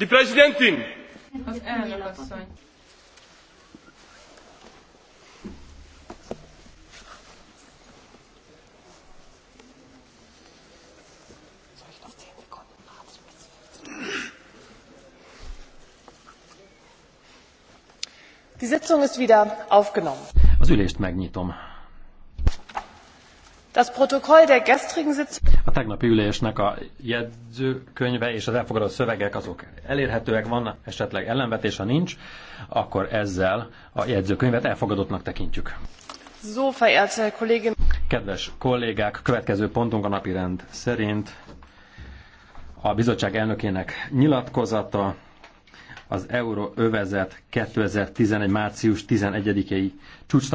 Die Präsidentin! Az elnök asszony. Die Sitzung ist wieder aufgenommen. Az ülést megnyitom. A tegnapi ülésnek a jegyzőkönyve és az elfogadott szövegek azok elérhetőek, van esetleg ellenvetés, ha nincs, akkor ezzel a jegyzőkönyvet elfogadottnak tekintjük. So, verehrte Kollégin. Kedves kollégák, következő pontunk a napirend szerint a bizottság elnökének nyilatkozata, az Euróövezet 2011. március 11-i csúcs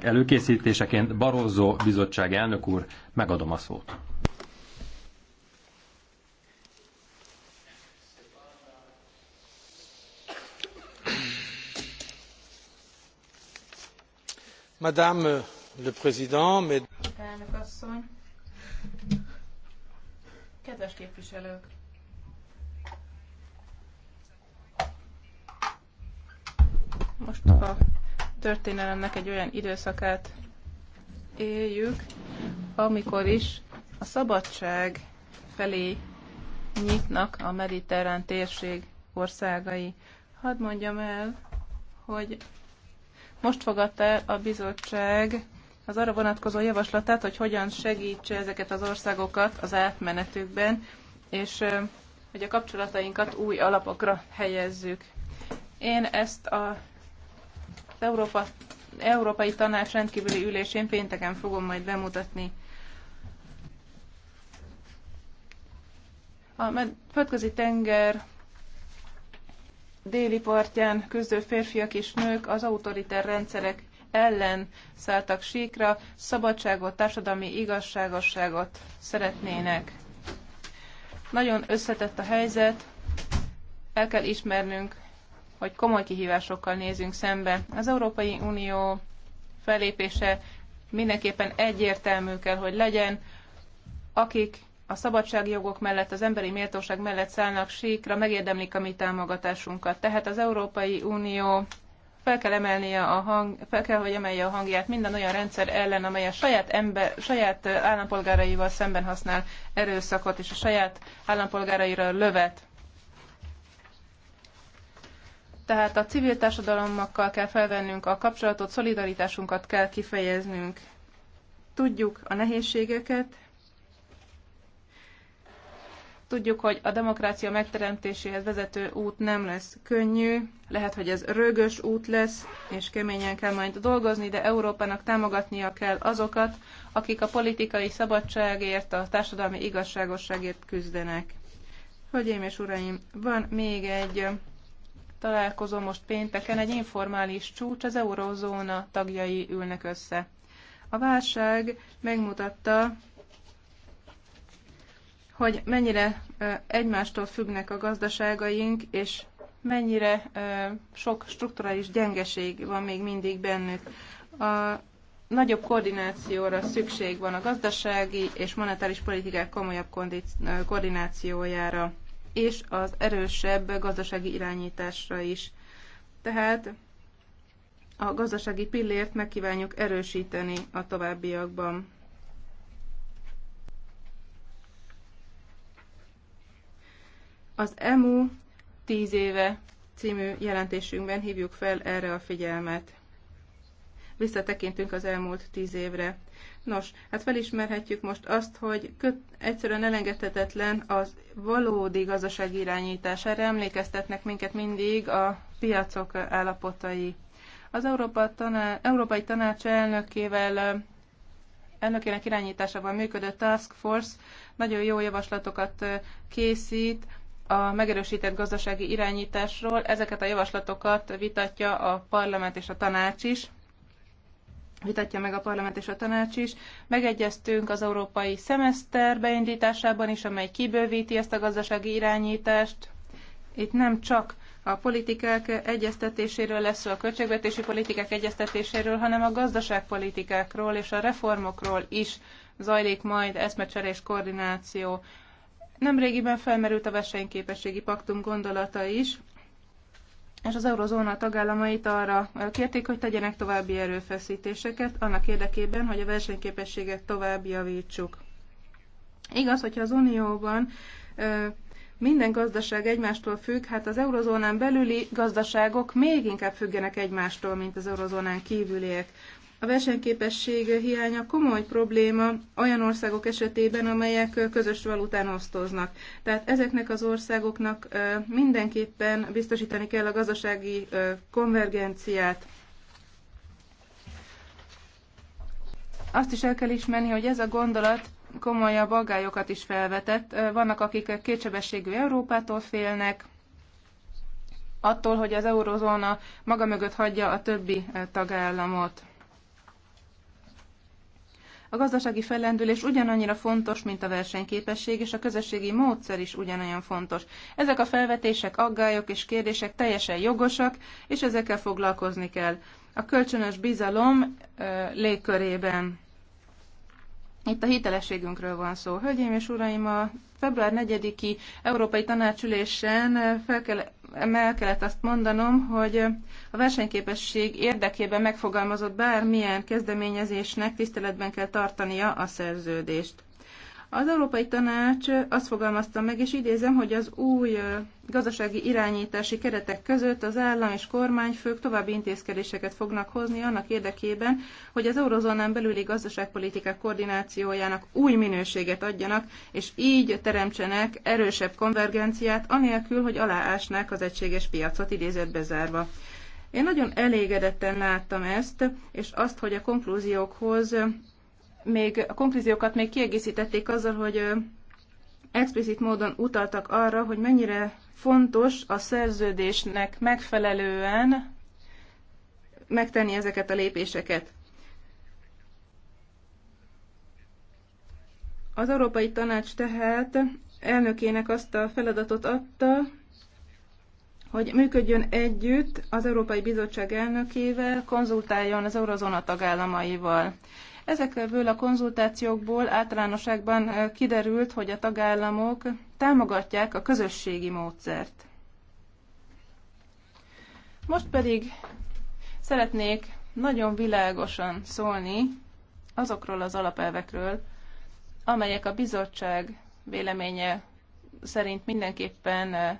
előkészítéseként. Barozó bizottság elnök úr, megadom a szót. Madame le Président, mes... Elnök asszony, kedves képviselők! Most a történelemnek egy olyan időszakát éljük, amikor is a szabadság felé nyitnak a mediterrán térség országai. Hadd mondjam el, hogy most fogadta el a bizottság az arra vonatkozó javaslatát, hogy hogyan segítse ezeket az országokat az átmenetükben, és hogy a kapcsolatainkat új alapokra helyezzük. Én ezt a Európa, Európai Tanács rendkívüli ülésén pénteken fogom majd bemutatni. A földközi tenger déli partján küzdő férfiak és nők az autoriter rendszerek ellen szálltak síkra, szabadságot, társadalmi igazságosságot szeretnének. Nagyon összetett a helyzet, el kell ismernünk hogy komoly kihívásokkal nézünk szembe. Az Európai Unió felépése mindenképpen egyértelmű kell, hogy legyen, akik a szabadságjogok mellett, az emberi méltóság mellett szállnak síkra, megérdemlik a mi támogatásunkat. Tehát az Európai Unió fel kell, emelnie a hang, fel kell, hogy emelje a hangját minden olyan rendszer ellen, amely a saját, ember, saját állampolgáraival szemben használ erőszakot, és a saját állampolgáraira lövet. Tehát a civil társadalommal kell felvennünk a kapcsolatot, szolidaritásunkat kell kifejeznünk. Tudjuk a nehézségeket, tudjuk, hogy a demokrácia megteremtéséhez vezető út nem lesz könnyű, lehet, hogy ez rögös út lesz, és keményen kell majd dolgozni, de Európának támogatnia kell azokat, akik a politikai szabadságért, a társadalmi igazságosságért küzdenek. Hölgyeim és uraim, van még egy találkozó most pénteken egy informális csúcs, az eurozóna tagjai ülnek össze. A válság megmutatta, hogy mennyire egymástól függnek a gazdaságaink, és mennyire sok strukturális gyengeség van még mindig bennük. A nagyobb koordinációra szükség van a gazdasági és monetáris politikák komolyabb koordinációjára és az erősebb gazdasági irányításra is. Tehát a gazdasági pillért megkívánjuk erősíteni a továbbiakban. Az EMU 10 éve című jelentésünkben hívjuk fel erre a figyelmet. Visszatekintünk az elmúlt 10 évre. Nos, hát felismerhetjük most azt, hogy köt, egyszerűen elengedhetetlen az valódi gazdasági irányítás. Erre emlékeztetnek minket mindig a piacok állapotai. Az Európa taná, Európai Tanács elnökével elnökének irányításában működő Task Force nagyon jó javaslatokat készít a megerősített gazdasági irányításról. Ezeket a javaslatokat vitatja a parlament és a tanács is vitatja meg a parlament és a tanács is. Megegyeztünk az európai szemeszter beindításában is, amely kibővíti ezt a gazdasági irányítást. Itt nem csak a politikák egyeztetéséről lesz szó, a költségvetési politikák egyeztetéséről, hanem a gazdaságpolitikákról és a reformokról is zajlik majd eszmecsere és koordináció. Nemrégiben felmerült a versenyképességi paktum gondolata is, és az eurozóna tagállamait arra kérték, hogy tegyenek további erőfeszítéseket annak érdekében, hogy a versenyképességet tovább javítsuk. Igaz, hogyha az Unióban minden gazdaság egymástól függ, hát az eurozónán belüli gazdaságok még inkább függenek egymástól, mint az eurozónán kívüliek. A versenyképesség hiánya komoly probléma olyan országok esetében, amelyek közös valután osztoznak. Tehát ezeknek az országoknak mindenképpen biztosítani kell a gazdasági konvergenciát. Azt is el kell ismerni, hogy ez a gondolat komolyabb aggályokat is felvetett. Vannak, akik kétsebességű Európától félnek, attól, hogy az eurozóna maga mögött hagyja a többi tagállamot. A gazdasági fellendülés ugyanannyira fontos, mint a versenyképesség, és a közösségi módszer is ugyanolyan fontos. Ezek a felvetések, aggályok és kérdések teljesen jogosak, és ezekkel foglalkozni kell. A kölcsönös bizalom légkörében. Itt a hitelességünkről van szó. Hölgyeim és uraim, a február 4-i Európai Tanácsülésen fel kell el kellett azt mondanom, hogy a versenyképesség érdekében megfogalmazott bármilyen kezdeményezésnek tiszteletben kell tartania a szerződést. Az Európai Tanács azt fogalmazta meg, és idézem, hogy az új gazdasági irányítási keretek között az állam és kormányfők további intézkedéseket fognak hozni annak érdekében, hogy az eurozónán belüli gazdaságpolitikák koordinációjának új minőséget adjanak, és így teremtsenek erősebb konvergenciát, anélkül, hogy aláásnák az egységes piacot idézett bezárva. Én nagyon elégedetten láttam ezt, és azt, hogy a konklúziókhoz még a konklúziókat még kiegészítették azzal, hogy explicit módon utaltak arra, hogy mennyire fontos a szerződésnek megfelelően megtenni ezeket a lépéseket. Az Európai Tanács tehát elnökének azt a feladatot adta, hogy működjön együtt az Európai Bizottság elnökével, konzultáljon az eurozóna tagállamaival. Ezekből a konzultációkból általánosságban kiderült, hogy a tagállamok támogatják a közösségi módszert. Most pedig szeretnék nagyon világosan szólni azokról az alapelvekről, amelyek a bizottság véleménye szerint mindenképpen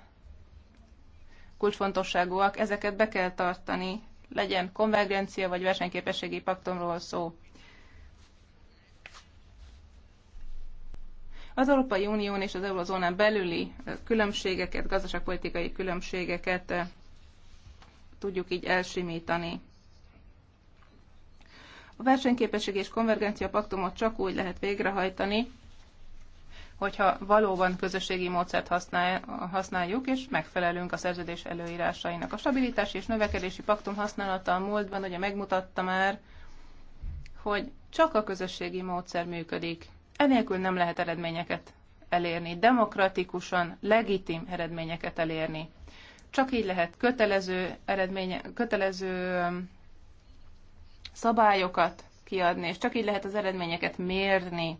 kulcsfontosságúak, ezeket be kell tartani, legyen konvergencia vagy versenyképességi paktomról szó. Az Európai Unión és az Eurozónán belüli különbségeket, gazdaságpolitikai különbségeket tudjuk így elsimítani. A versenyképesség és konvergencia paktumot csak úgy lehet végrehajtani, hogyha valóban közösségi módszert használjuk, és megfelelünk a szerződés előírásainak. A stabilitási és növekedési paktum használata a múltban ugye megmutatta már, hogy csak a közösségi módszer működik. Enélkül nem lehet eredményeket elérni, demokratikusan, legitim eredményeket elérni. Csak így lehet kötelező, eredménye, kötelező um, szabályokat kiadni, és csak így lehet az eredményeket mérni.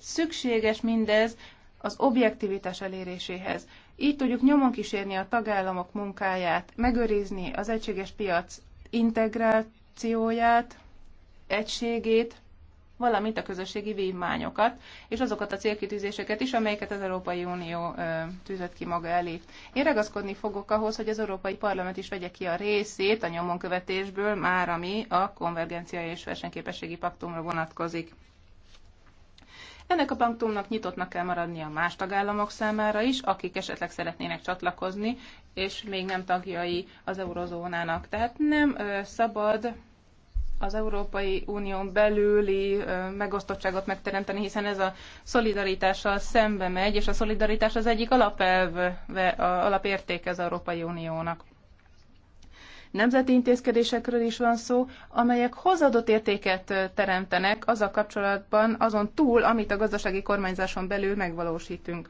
Szükséges mindez az objektivitás eléréséhez. Így tudjuk nyomon kísérni a tagállamok munkáját, megőrizni az egységes piac integrációját, egységét, valamint a közösségi vívmányokat, és azokat a célkitűzéseket is, amelyeket az Európai Unió ö, tűzött ki maga elé. Én ragaszkodni fogok ahhoz, hogy az Európai Parlament is vegye ki a részét a nyomonkövetésből, már ami a konvergencia és versenyképességi paktumra vonatkozik. Ennek a paktumnak nyitottnak kell maradnia más tagállamok számára is, akik esetleg szeretnének csatlakozni, és még nem tagjai az eurozónának. Tehát nem ö, szabad az Európai Unión belüli megosztottságot megteremteni, hiszen ez a szolidaritással szembe megy, és a szolidaritás az egyik alapelve, alapértéke az Európai Uniónak. Nemzeti intézkedésekről is van szó, amelyek hozadott értéket teremtenek az a kapcsolatban, azon túl, amit a gazdasági kormányzáson belül megvalósítunk.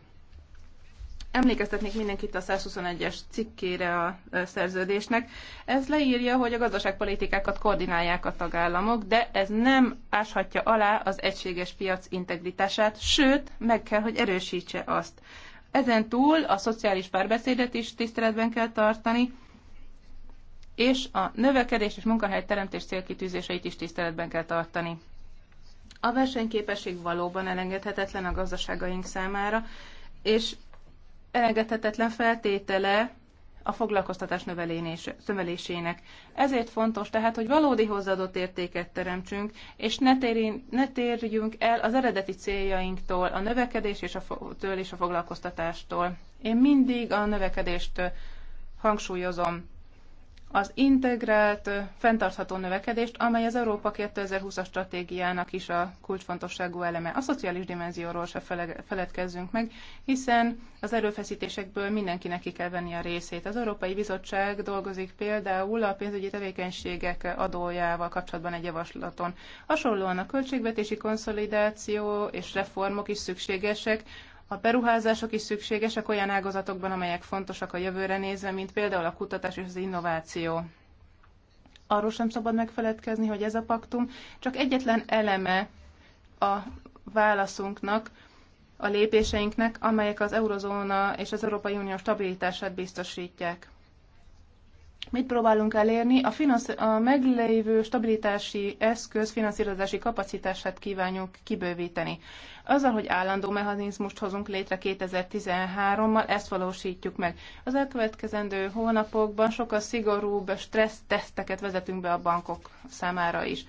Emlékeztetnék mindenkit a 121-es cikkére a szerződésnek. Ez leírja, hogy a gazdaságpolitikákat koordinálják a tagállamok, de ez nem áshatja alá az egységes piac integritását, sőt, meg kell, hogy erősítse azt. Ezen túl a szociális párbeszédet is tiszteletben kell tartani, és a növekedés és munkahelyteremtés célkitűzéseit is tiszteletben kell tartani. A versenyképesség valóban elengedhetetlen a gazdaságaink számára, és elengedhetetlen feltétele a foglalkoztatás növelésének. Ezért fontos tehát, hogy valódi hozzáadott értéket teremtsünk, és ne, térjünk, ne térjünk el az eredeti céljainktól, a növekedés és a, től és a foglalkoztatástól. Én mindig a növekedést hangsúlyozom az integrált, fenntartható növekedést, amely az Európa 2020-as stratégiának is a kulcsfontosságú eleme. A szociális dimenzióról se feledkezzünk meg, hiszen az erőfeszítésekből mindenkinek ki kell venni a részét. Az Európai Bizottság dolgozik például a pénzügyi tevékenységek adójával kapcsolatban egy javaslaton. Hasonlóan a költségvetési konszolidáció és reformok is szükségesek a beruházások is szükségesek olyan ágazatokban, amelyek fontosak a jövőre nézve, mint például a kutatás és az innováció. Arról sem szabad megfeledkezni, hogy ez a paktum csak egyetlen eleme a válaszunknak, a lépéseinknek, amelyek az eurozóna és az Európai Unió stabilitását biztosítják. Mit próbálunk elérni? A, finansz- a meglévő stabilitási eszköz finanszírozási kapacitását kívánjuk kibővíteni. Azzal, hogy állandó mechanizmust hozunk létre 2013-mal, ezt valósítjuk meg. Az elkövetkezendő hónapokban sokkal szigorúbb stressz teszteket vezetünk be a bankok számára is.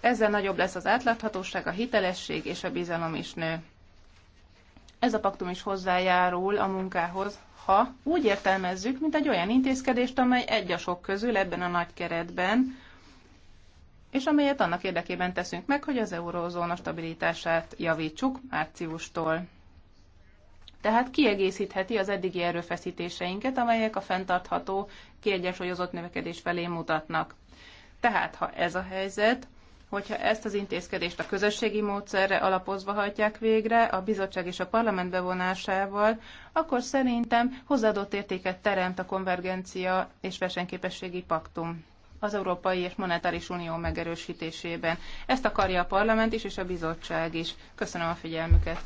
Ezzel nagyobb lesz az átláthatóság, a hitelesség és a bizalom is nő. Ez a paktum is hozzájárul a munkához, ha úgy értelmezzük, mint egy olyan intézkedést, amely egy a sok közül ebben a nagy keretben, és amelyet annak érdekében teszünk meg, hogy az eurózóna stabilitását javítsuk márciustól. Tehát kiegészítheti az eddigi erőfeszítéseinket, amelyek a fenntartható, kiegyensúlyozott növekedés felé mutatnak. Tehát, ha ez a helyzet, hogyha ezt az intézkedést a közösségi módszerre alapozva hajtják végre, a bizottság és a parlament bevonásával, akkor szerintem hozzáadott értéket teremt a konvergencia és versenyképességi paktum az Európai és Monetáris Unió megerősítésében. Ezt akarja a parlament is, és a bizottság is. Köszönöm a figyelmüket.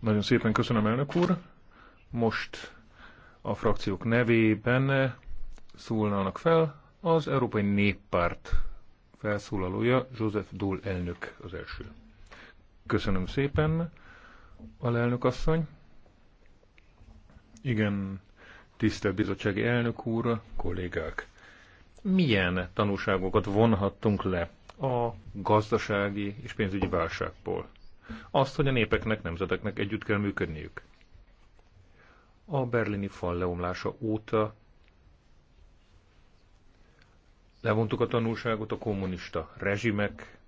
Nagyon szépen köszönöm, elnök úr. Most a frakciók nevében szólnának fel. Az Európai Néppárt felszólalója, József Dúl elnök az első. Köszönöm szépen, a lelnök asszony. Igen, tisztelt bizottsági elnök úr, kollégák. Milyen tanulságokat vonhattunk le a gazdasági és pénzügyi válságból? Azt, hogy a népeknek, nemzeteknek együtt kell működniük. A berlini fal leomlása óta levontuk a tanulságot a kommunista rezsimek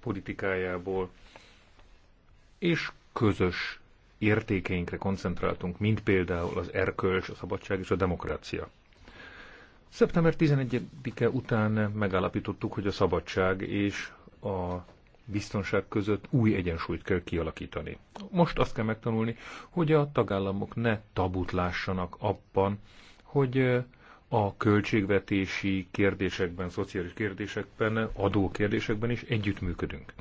politikájából, és közös értékeinkre koncentráltunk, mint például az erkölcs, a szabadság és a demokrácia. Szeptember 11-e után megállapítottuk, hogy a szabadság és a biztonság között új egyensúlyt kell kialakítani. Most azt kell megtanulni, hogy a tagállamok ne tabut lássanak abban, hogy a költségvetési kérdésekben, szociális kérdésekben, adó kérdésekben is együttműködünk.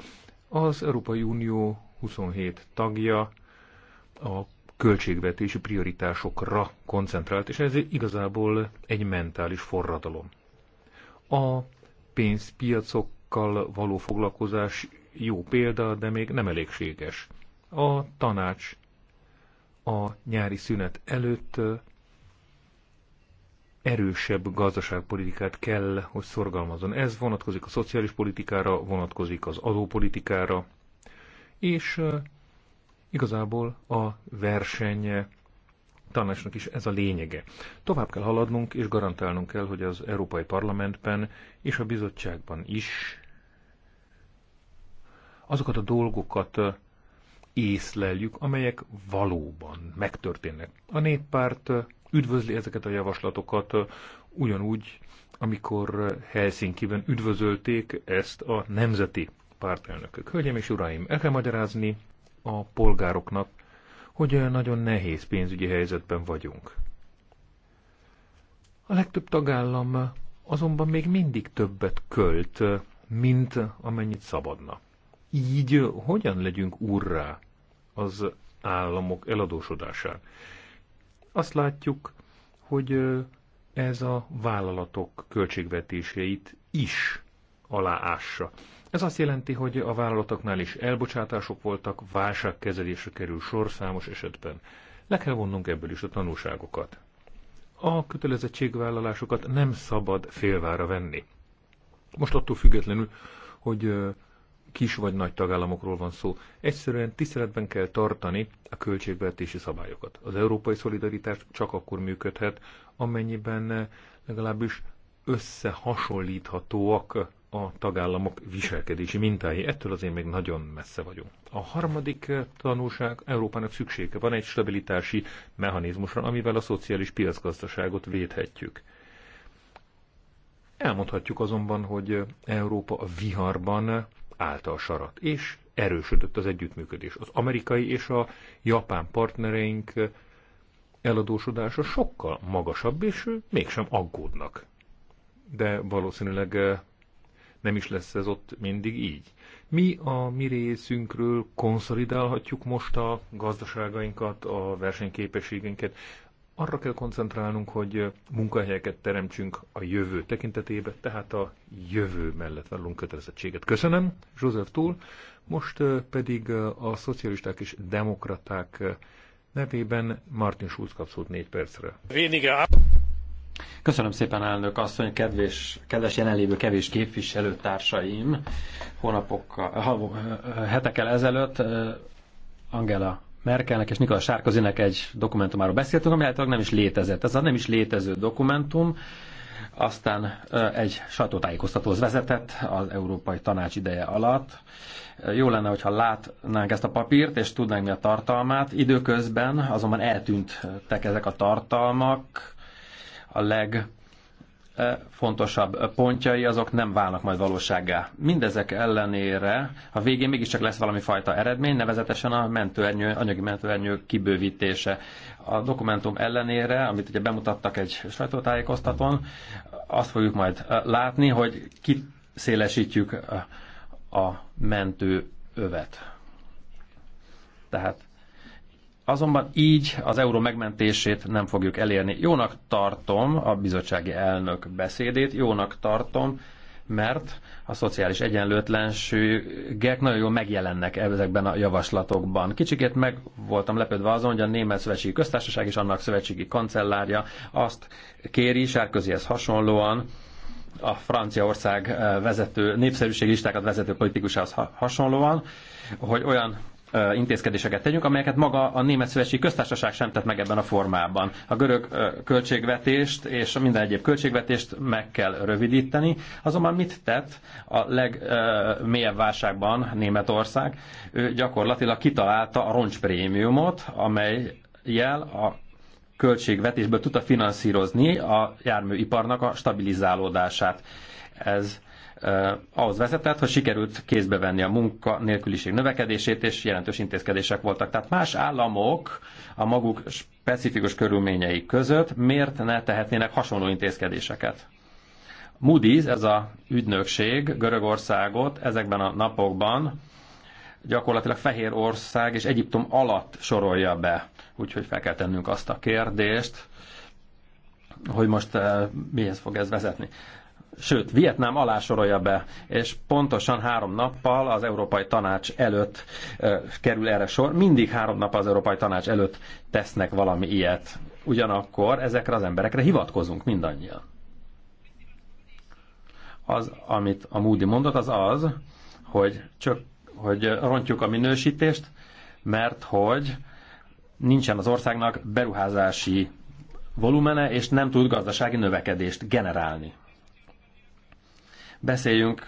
Az Európai Unió 27 tagja a költségvetési prioritásokra koncentrált, és ez igazából egy mentális forradalom. A pénzpiacokkal való foglalkozás jó példa, de még nem elégséges. A tanács a nyári szünet előtt erősebb gazdaságpolitikát kell, hogy szorgalmazzon. Ez vonatkozik a szociális politikára, vonatkozik az adópolitikára, és igazából a verseny tanácsnak is ez a lényege. Tovább kell haladnunk, és garantálnunk kell, hogy az Európai Parlamentben és a bizottságban is azokat a dolgokat észleljük, amelyek valóban megtörténnek. A néppárt üdvözli ezeket a javaslatokat, ugyanúgy, amikor Helsinki-ben üdvözölték ezt a nemzeti pártelnökök. Hölgyeim és uraim, el kell magyarázni a polgároknak, hogy nagyon nehéz pénzügyi helyzetben vagyunk. A legtöbb tagállam azonban még mindig többet költ, mint amennyit szabadna. Így hogyan legyünk urrá az államok eladósodásán? Azt látjuk, hogy ez a vállalatok költségvetéseit is aláássa. Ez azt jelenti, hogy a vállalatoknál is elbocsátások voltak, válságkezelésre kerül sor számos esetben. Le kell vonnunk ebből is a tanulságokat. A kötelezettségvállalásokat nem szabad félvára venni. Most attól függetlenül, hogy kis vagy nagy tagállamokról van szó. Egyszerűen tiszteletben kell tartani a költségvetési szabályokat. Az európai szolidaritás csak akkor működhet, amennyiben eh, legalábbis összehasonlíthatóak a tagállamok viselkedési mintái. Ettől azért még nagyon messze vagyunk. A harmadik eh, tanulság, Európának szüksége van egy stabilitási mechanizmusra, amivel a szociális piacgazdaságot védhetjük. Elmondhatjuk azonban, hogy eh, Európa a viharban állta a sarat, és erősödött az együttműködés. Az amerikai és a japán partnereink eladósodása sokkal magasabb, és mégsem aggódnak. De valószínűleg eh, nem is lesz ez ott mindig így. Mi a mi részünkről konszolidálhatjuk most a gazdaságainkat, a versenyképességünket, arra kell koncentrálnunk, hogy munkahelyeket teremtsünk a jövő tekintetébe, tehát a jövő mellett vállunk kötelezettséget. Köszönöm, József Túl. Most pedig a szocialisták és demokraták nevében Martin Schulz kapszót négy percre. Köszönöm szépen, elnök asszony, kedves, kedves jelenlévő kevés képviselőtársaim. Hónapokkal, hetekkel ezelőtt Angela Merkelnek és Nikola Sárkozinek egy dokumentumáról beszéltünk, ami általában nem is létezett. Ez a nem is létező dokumentum, aztán egy sajtótájékoztatóhoz vezetett az Európai Tanács ideje alatt. Jó lenne, hogyha látnánk ezt a papírt, és tudnánk mi a tartalmát. Időközben azonban eltűntek ezek a tartalmak, a leg fontosabb pontjai, azok nem válnak majd valósággá. Mindezek ellenére a végén mégiscsak lesz valami fajta eredmény, nevezetesen a mentőernyő, anyagi mentőernyő kibővítése. A dokumentum ellenére, amit ugye bemutattak egy sajtótájékoztatón, azt fogjuk majd eh, látni, hogy kiszélesítjük eh, a mentőövet. Tehát Azonban így az euró megmentését nem fogjuk elérni. Jónak tartom a bizottsági elnök beszédét, jónak tartom, mert a szociális egyenlőtlenségek nagyon jól megjelennek ezekben a javaslatokban. Kicsikét meg voltam lepődve azon, hogy a Német Szövetségi Köztársaság és annak szövetségi kancellárja azt kéri, Sárközihez hasonlóan, a Franciaország vezető, népszerűségi listákat vezető politikusához hasonlóan, hogy olyan intézkedéseket tegyünk, amelyeket maga a Német Szövetségi Köztársaság sem tett meg ebben a formában. A görög költségvetést és minden egyéb költségvetést meg kell rövidíteni, azonban mit tett a legmélyebb válságban Németország? Ő gyakorlatilag kitalálta a roncsprémiumot, amely jel a költségvetésből tudta finanszírozni a járműiparnak a stabilizálódását. Ez Eh, ahhoz vezetett, hogy sikerült kézbe venni a munkanélküliség növekedését, és jelentős intézkedések voltak. Tehát más államok a maguk specifikus körülményei között miért ne tehetnének hasonló intézkedéseket? Moody's, ez a ügynökség Görögországot ezekben a napokban gyakorlatilag Fehér ország és Egyiptom alatt sorolja be. Úgyhogy fel kell tennünk azt a kérdést, hogy most uh, mihez fog ez vezetni sőt, Vietnám alá sorolja be, és pontosan három nappal az Európai Tanács előtt e, kerül erre sor. Mindig három nap az Európai Tanács előtt tesznek valami ilyet. Ugyanakkor ezekre az emberekre hivatkozunk mindannyian. Az, amit a Moody mondott, az az, hogy, csak, hogy rontjuk a minősítést, mert hogy nincsen az országnak beruházási volumene, és nem tud gazdasági növekedést generálni. Beszéljünk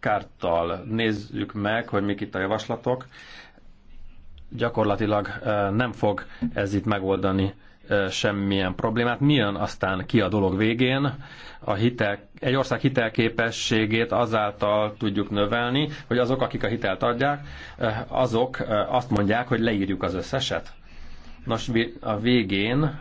kárttal, nézzük meg, hogy mik itt a javaslatok. Gyakorlatilag nem fog ez itt megoldani semmilyen problémát. Mi jön aztán ki a dolog végén? A hitel, egy ország hitelképességét azáltal tudjuk növelni, hogy azok, akik a hitelt adják, azok azt mondják, hogy leírjuk az összeset. Nos, a végén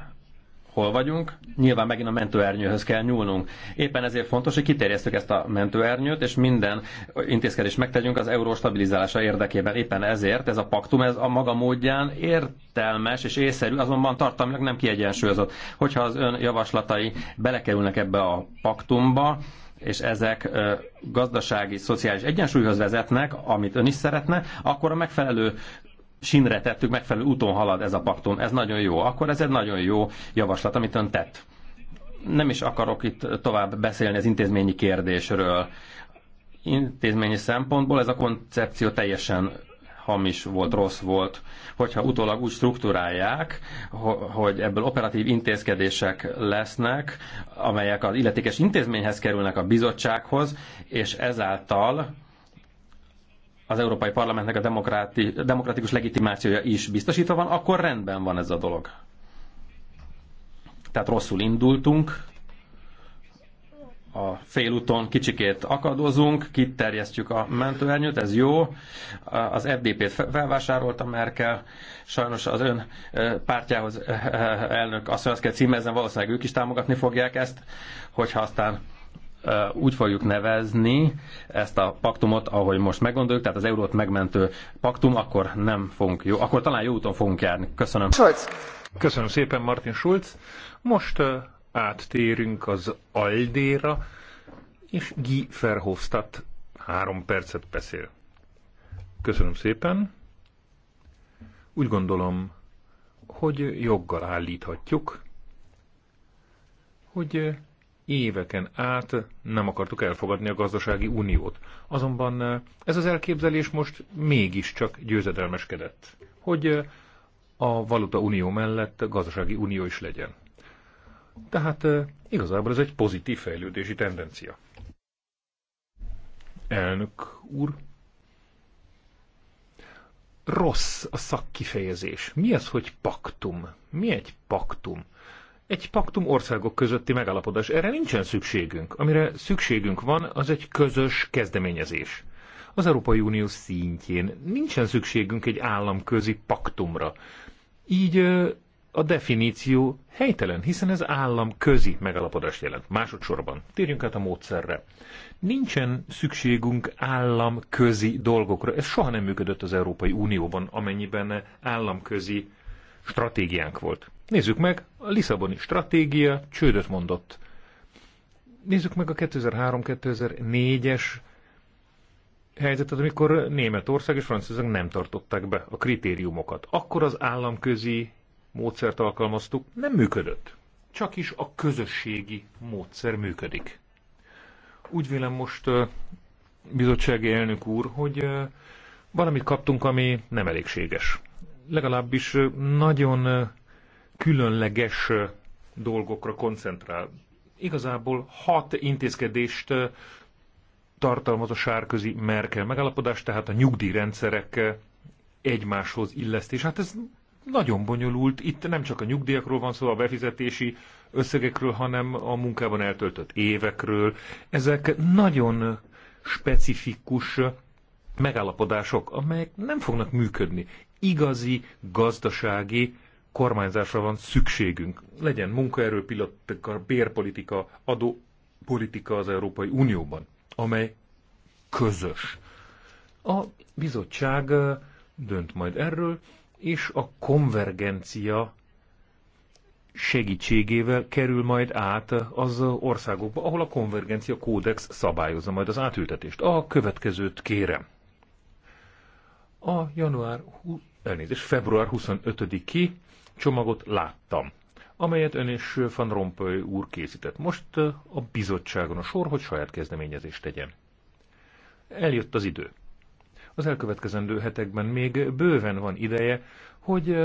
hol vagyunk. Nyilván megint a mentőernyőhöz kell nyúlnunk. Éppen ezért fontos, hogy kiterjesztjük ezt a mentőernyőt, és minden intézkedést megtegyünk az euró stabilizálása érdekében. Éppen ezért ez a paktum ez a maga módján értelmes és észszerű, azonban tartalmilag nem kiegyensúlyozott. Hogyha az ön javaslatai belekerülnek ebbe a paktumba, és ezek gazdasági, szociális egyensúlyhoz vezetnek, amit ön is szeretne, akkor a megfelelő sinre tettük, megfelelő úton halad ez a paktum. Ez nagyon jó. Akkor ez egy nagyon jó javaslat, amit ön tett. Nem is akarok itt tovább beszélni az intézményi kérdésről. Intézményi szempontból ez a koncepció teljesen hamis volt, rossz volt. Hogyha utólag úgy struktúrálják, hogy ebből operatív intézkedések lesznek, amelyek az illetékes intézményhez kerülnek a bizottsághoz, és ezáltal az Európai Parlamentnek a demokratikus legitimációja is biztosítva van, akkor rendben van ez a dolog. Tehát rosszul indultunk, a félúton kicsikét akadozunk, kiterjesztjük a mentőernyőt, ez jó. Az FDP-t felvásárolta Merkel, sajnos az ön pártjához elnök azt, hogy azt kell címezni, valószínűleg ők is támogatni fogják ezt, hogyha aztán úgy fogjuk nevezni ezt a paktumot, ahogy most meggondoljuk, tehát az eurót megmentő paktum, akkor nem fogunk jó, akkor talán jó úton fogunk járni. Köszönöm. Schulz. Köszönöm szépen, Martin Schulz. Most áttérünk az Aldéra, és Guy Verhofstadt három percet beszél. Köszönöm szépen. Úgy gondolom, hogy joggal állíthatjuk, hogy éveken át nem akartuk elfogadni a gazdasági uniót. Azonban eh, ez az elképzelés most mégiscsak győzedelmeskedett, hogy eh, a valuta unió mellett gazdasági unió is legyen. Tehát eh, igazából ez egy pozitív fejlődési tendencia. Elnök úr, rossz a szakkifejezés. Mi az, hogy paktum? Mi egy paktum? egy paktum országok közötti megállapodás. Erre nincsen szükségünk. Amire szükségünk van, az egy közös kezdeményezés. Az Európai Unió szintjén nincsen szükségünk egy államközi paktumra. Így a definíció helytelen, hiszen ez államközi megalapodást jelent. Másodszorban térjünk át a módszerre. Nincsen szükségünk államközi dolgokra. Ez soha nem működött az Európai Unióban, amennyiben államközi stratégiánk volt. Nézzük meg a Lisszaboni stratégia csődöt mondott. Nézzük meg a 2003-2004-es helyzetet, amikor Németország és Franciaország nem tartották be a kritériumokat. Akkor az államközi módszert alkalmaztuk, nem működött. Csak is a közösségi módszer működik. Úgy vélem most bizottsági elnök úr, hogy valamit kaptunk, ami nem elégséges. Legalábbis nagyon különleges dolgokra koncentrál. Igazából hat intézkedést tartalmaz a sárközi Merkel megállapodás, tehát a nyugdíjrendszerek egymáshoz illesztés. Hát ez nagyon bonyolult. Itt nem csak a nyugdíjakról van szó, a befizetési összegekről, hanem a munkában eltöltött évekről. Ezek nagyon specifikus megállapodások, amelyek nem fognak működni. Igazi gazdasági kormányzásra van szükségünk. Legyen munkaerőpolitika, bérpolitika, adópolitika az Európai Unióban, amely közös. A bizottság dönt majd erről, és a konvergencia segítségével kerül majd át az országokba, ahol a konvergencia kódex szabályozza majd az átültetést. A következőt kérem. A január, elnézést, február 25-i csomagot láttam, amelyet ön és Van Rompuy úr készített. Most a bizottságon a sor, hogy saját kezdeményezést tegyen. Eljött az idő. Az elkövetkezendő hetekben még bőven van ideje, hogy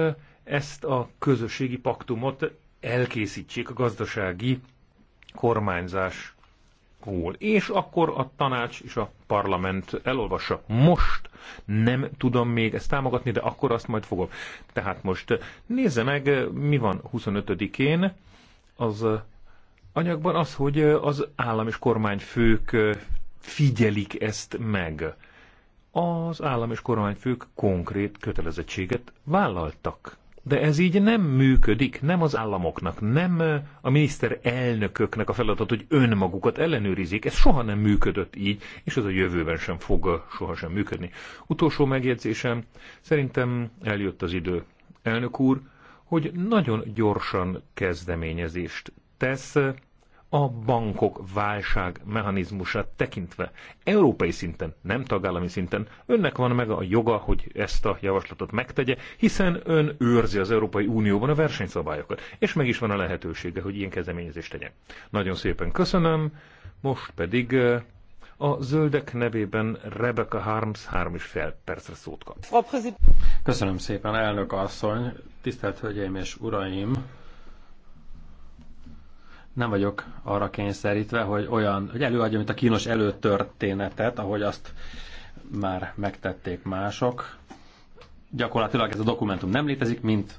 ezt a közösségi paktumot elkészítsék a gazdasági kormányzás Hol. és akkor a tanács és a parlament elolvassa. Most nem tudom még ezt támogatni, de akkor azt majd fogom. Tehát most nézze meg, mi van 25-én az eh, anyagban az, hogy eh, az állam és kormányfők eh, figyelik ezt meg. Az állam és kormányfők konkrét kötelezettséget vállaltak de ez így nem működik, nem az államoknak, nem a miniszterelnököknek a feladat, hogy önmagukat ellenőrizik. Ez soha nem működött így, és ez a jövőben sem fog sohasem működni. Utolsó megjegyzésem, szerintem eljött az idő. Elnök úr, hogy nagyon gyorsan kezdeményezést tesz, a bankok válság mechanizmusát tekintve, európai szinten, nem tagállami szinten, önnek van meg a joga, hogy ezt a javaslatot megtegye, hiszen ön őrzi az Európai Unióban a versenyszabályokat, és meg is van a lehetősége, hogy ilyen kezdeményezést tegyen. Nagyon szépen köszönöm, most pedig eh, a zöldek nevében Rebecca Harms három és fél percre szót kap. Köszönöm szépen, elnök asszony, tisztelt hölgyeim és uraim! nem vagyok arra kényszerítve, hogy olyan, hogy előadjam, mint a kínos előtörténetet, ahogy azt már megtették mások. Gyakorlatilag ez a dokumentum nem létezik, mint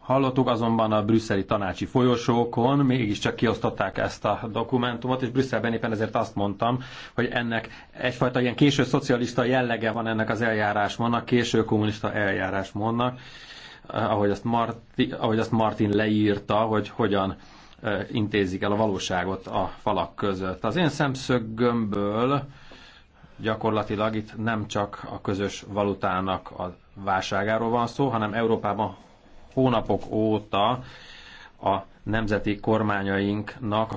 hallottuk, azonban a brüsszeli tanácsi folyosókon mégiscsak kiosztották ezt a dokumentumot, és Brüsszelben éppen ezért azt mondtam, hogy ennek egyfajta ilyen késő szocialista jellege van ennek az eljárásmódnak, késő kommunista eljárásmódnak, ahogy azt, ahogy azt Martin leírta, hogy hogyan Eh, intézik el a valóságot a falak között. Az én szemszögömből gyakorlatilag itt nem csak a közös valutának a válságáról van szó, hanem Európában hónapok óta a nemzeti kormányainknak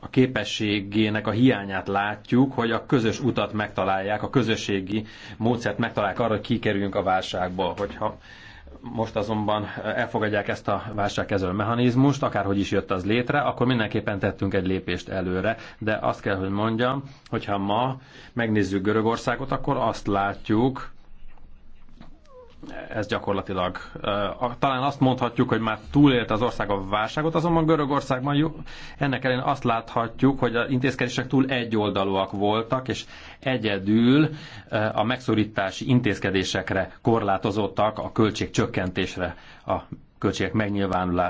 a képességének a hiányát látjuk, hogy a közös utat megtalálják, a közösségi módszert megtalálják arra, hogy kikerüljünk a válságból. Hogyha most azonban elfogadják ezt a válságkezelő mechanizmust, akárhogy is jött az létre, akkor mindenképpen tettünk egy lépést előre. De azt kell, hogy mondjam, hogyha ma megnézzük Görögországot, akkor azt látjuk, ez gyakorlatilag talán azt mondhatjuk, hogy már túlélte az ország a válságot, azonban Görögországban ennek ellen azt láthatjuk, hogy az intézkedések túl egyoldalúak voltak, és egyedül a megszorítási intézkedésekre korlátozottak, a költségcsökkentésre a költségek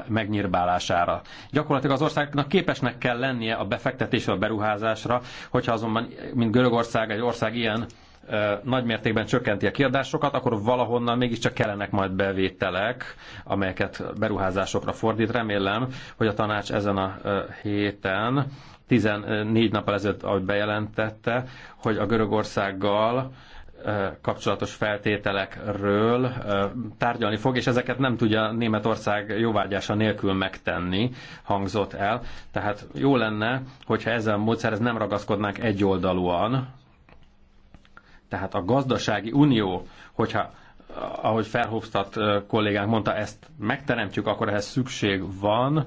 megnyírbálására. Gyakorlatilag az országnak képesnek kell lennie a befektetésre, a beruházásra, hogyha azonban, mint Görögország, egy ország ilyen nagy mértékben csökkenti a kiadásokat, akkor valahonnan mégiscsak kellenek majd bevételek, amelyeket beruházásokra fordít. Remélem, hogy a tanács ezen a héten 14 nap ezelőtt, ahogy bejelentette, hogy a Görögországgal kapcsolatos feltételekről tárgyalni fog, és ezeket nem tudja Németország jóvágyása nélkül megtenni, hangzott el. Tehát jó lenne, hogyha ezen a módszerhez nem ragaszkodnánk egyoldalúan, tehát a gazdasági unió, hogyha ahogy Ferhofstadt kollégánk mondta, ezt megteremtjük, akkor ehhez szükség van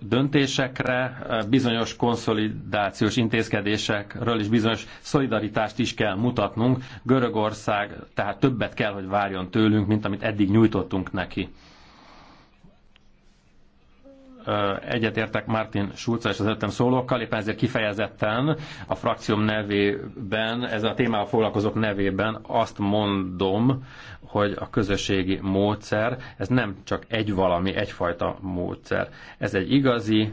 döntésekre, bizonyos konszolidációs intézkedésekről is bizonyos szolidaritást is kell mutatnunk. Görögország tehát többet kell, hogy várjon tőlünk, mint amit eddig nyújtottunk neki egyetértek Martin schulz és az öttem szólókkal, éppen ezért kifejezetten a frakcióm nevében, ez a témával foglalkozók nevében azt mondom, hogy a közösségi módszer, ez nem csak egy valami, egyfajta módszer. Ez egy igazi,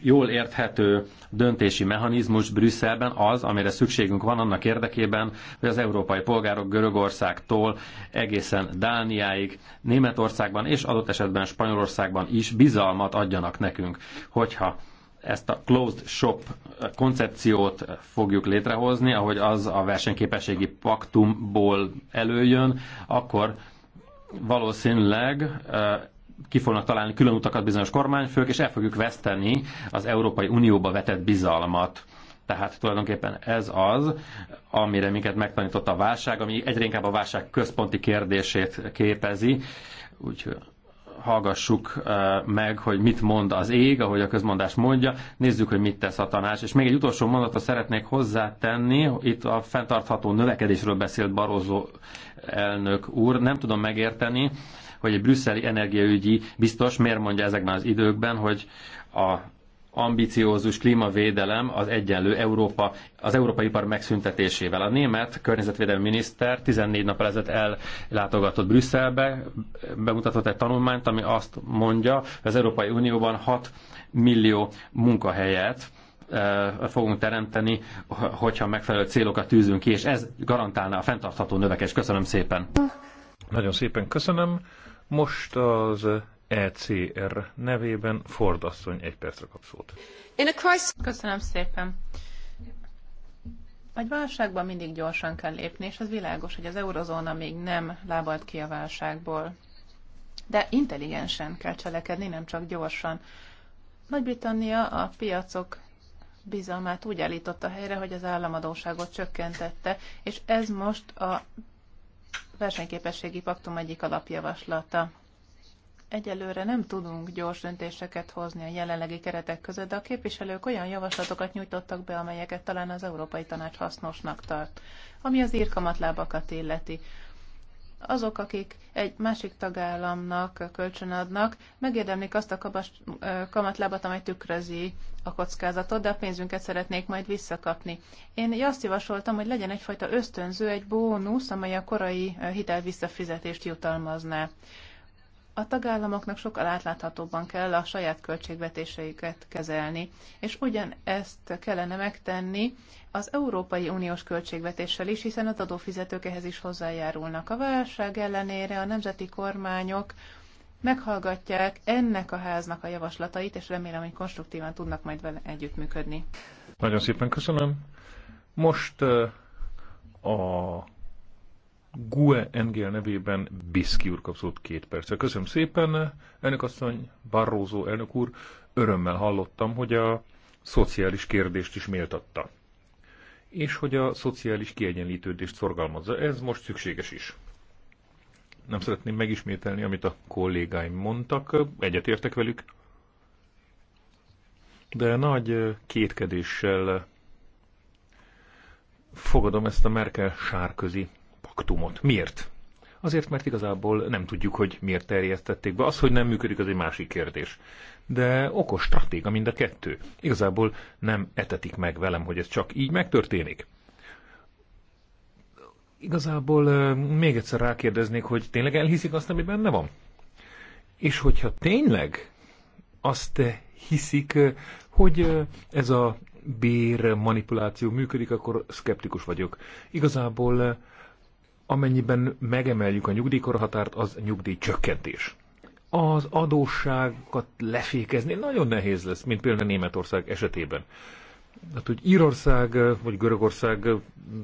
jól érthető döntési mechanizmus Brüsszelben az, amire szükségünk van annak érdekében, hogy az európai polgárok Görögországtól egészen Dániáig, Németországban és adott esetben Spanyolországban is bizalmat adjanak nekünk, hogyha ezt a closed shop koncepciót fogjuk létrehozni, ahogy az a versenyképességi paktumból előjön, akkor valószínűleg ki fognak találni külön utakat bizonyos kormányfők, és el fogjuk veszteni az Európai Unióba vetett bizalmat. Tehát tulajdonképpen ez az, amire minket megtanított a válság, ami egyre inkább a válság központi kérdését képezi. Úgyhogy hallgassuk eh, meg, hogy mit mond az ég, ahogy a közmondás mondja, nézzük, hogy mit tesz a tanács. És még egy utolsó mondatot szeretnék hozzátenni, itt a fenntartható növekedésről beszélt Barozó elnök úr, nem tudom megérteni, hogy egy brüsszeli energiaügyi biztos miért mondja ezekben az időkben, hogy a ambiciózus klímavédelem az egyenlő Európa, az európai ipar megszüntetésével. A német környezetvédelmi miniszter 14 nap ezelőtt ellátogatott Brüsszelbe, bemutatott egy tanulmányt, ami azt mondja, hogy az Európai Unióban 6 millió munkahelyet fogunk teremteni, hogyha megfelelő célokat tűzünk ki, és ez garantálná a fenntartható növekedést. Köszönöm szépen! Nagyon szépen köszönöm. Most az ECR nevében Ford asszony egy percre kap szót. In a crisis... Köszönöm szépen. Egy válságban mindig gyorsan kell lépni, és az világos, hogy az eurozóna még nem lábalt ki a válságból. De intelligensen kell cselekedni, nem csak gyorsan. Nagy-Britannia a piacok bizalmát úgy állította helyre, hogy az államadóságot csökkentette, és ez most a versenyképességi paktum egyik alapjavaslata. Egyelőre nem tudunk gyors döntéseket hozni a jelenlegi keretek között, de a képviselők olyan javaslatokat nyújtottak be, amelyeket talán az Európai Tanács hasznosnak tart, ami az írkamatlábakat illeti azok, akik egy másik tagállamnak kölcsönadnak, megérdemlik azt a kamatlábat, amely tükrözi a kockázatot, de a pénzünket szeretnék majd visszakapni. Én azt javasoltam, hogy legyen egyfajta ösztönző, egy bónusz, amely a korai hitel visszafizetést jutalmazná. A tagállamoknak sokkal átláthatóbban kell a saját költségvetéseiket kezelni, és ugyanezt ezt kellene megtenni az Európai Uniós költségvetéssel is, hiszen az adófizetők ehhez is hozzájárulnak. A válság ellenére a nemzeti kormányok meghallgatják ennek a háznak a javaslatait, és remélem, hogy konstruktívan tudnak majd vele együttműködni. Nagyon szépen köszönöm. Most a GUE Engel nevében Biszki úr kapszott két percre. Köszönöm szépen, elnök asszony, Barrózó elnök úr, örömmel hallottam, hogy a szociális kérdést is méltatta. És hogy a szociális kiegyenlítődést szorgalmazza. Ez most szükséges is. Nem szeretném megismételni, amit a kollégáim mondtak, egyetértek velük, de nagy kétkedéssel fogadom ezt a Merkel sárközi aktumot. Miért? Azért, mert igazából nem tudjuk, hogy miért terjesztették be. Az, hogy nem működik, az egy másik kérdés. De okos stratéga mind a kettő. Igazából nem etetik meg velem, hogy ez csak így megtörténik. Igazából még egyszer rákérdeznék, hogy tényleg elhiszik azt, ami benne van? És hogyha tényleg azt hiszik, hogy ez a bér manipuláció működik, akkor szkeptikus vagyok. Igazából amennyiben megemeljük a nyugdíjkorhatárt, az nyugdíj csökkentés. Az adósságokat lefékezni nagyon nehéz lesz, mint például Németország esetében. Hát, hogy Írország vagy Görögország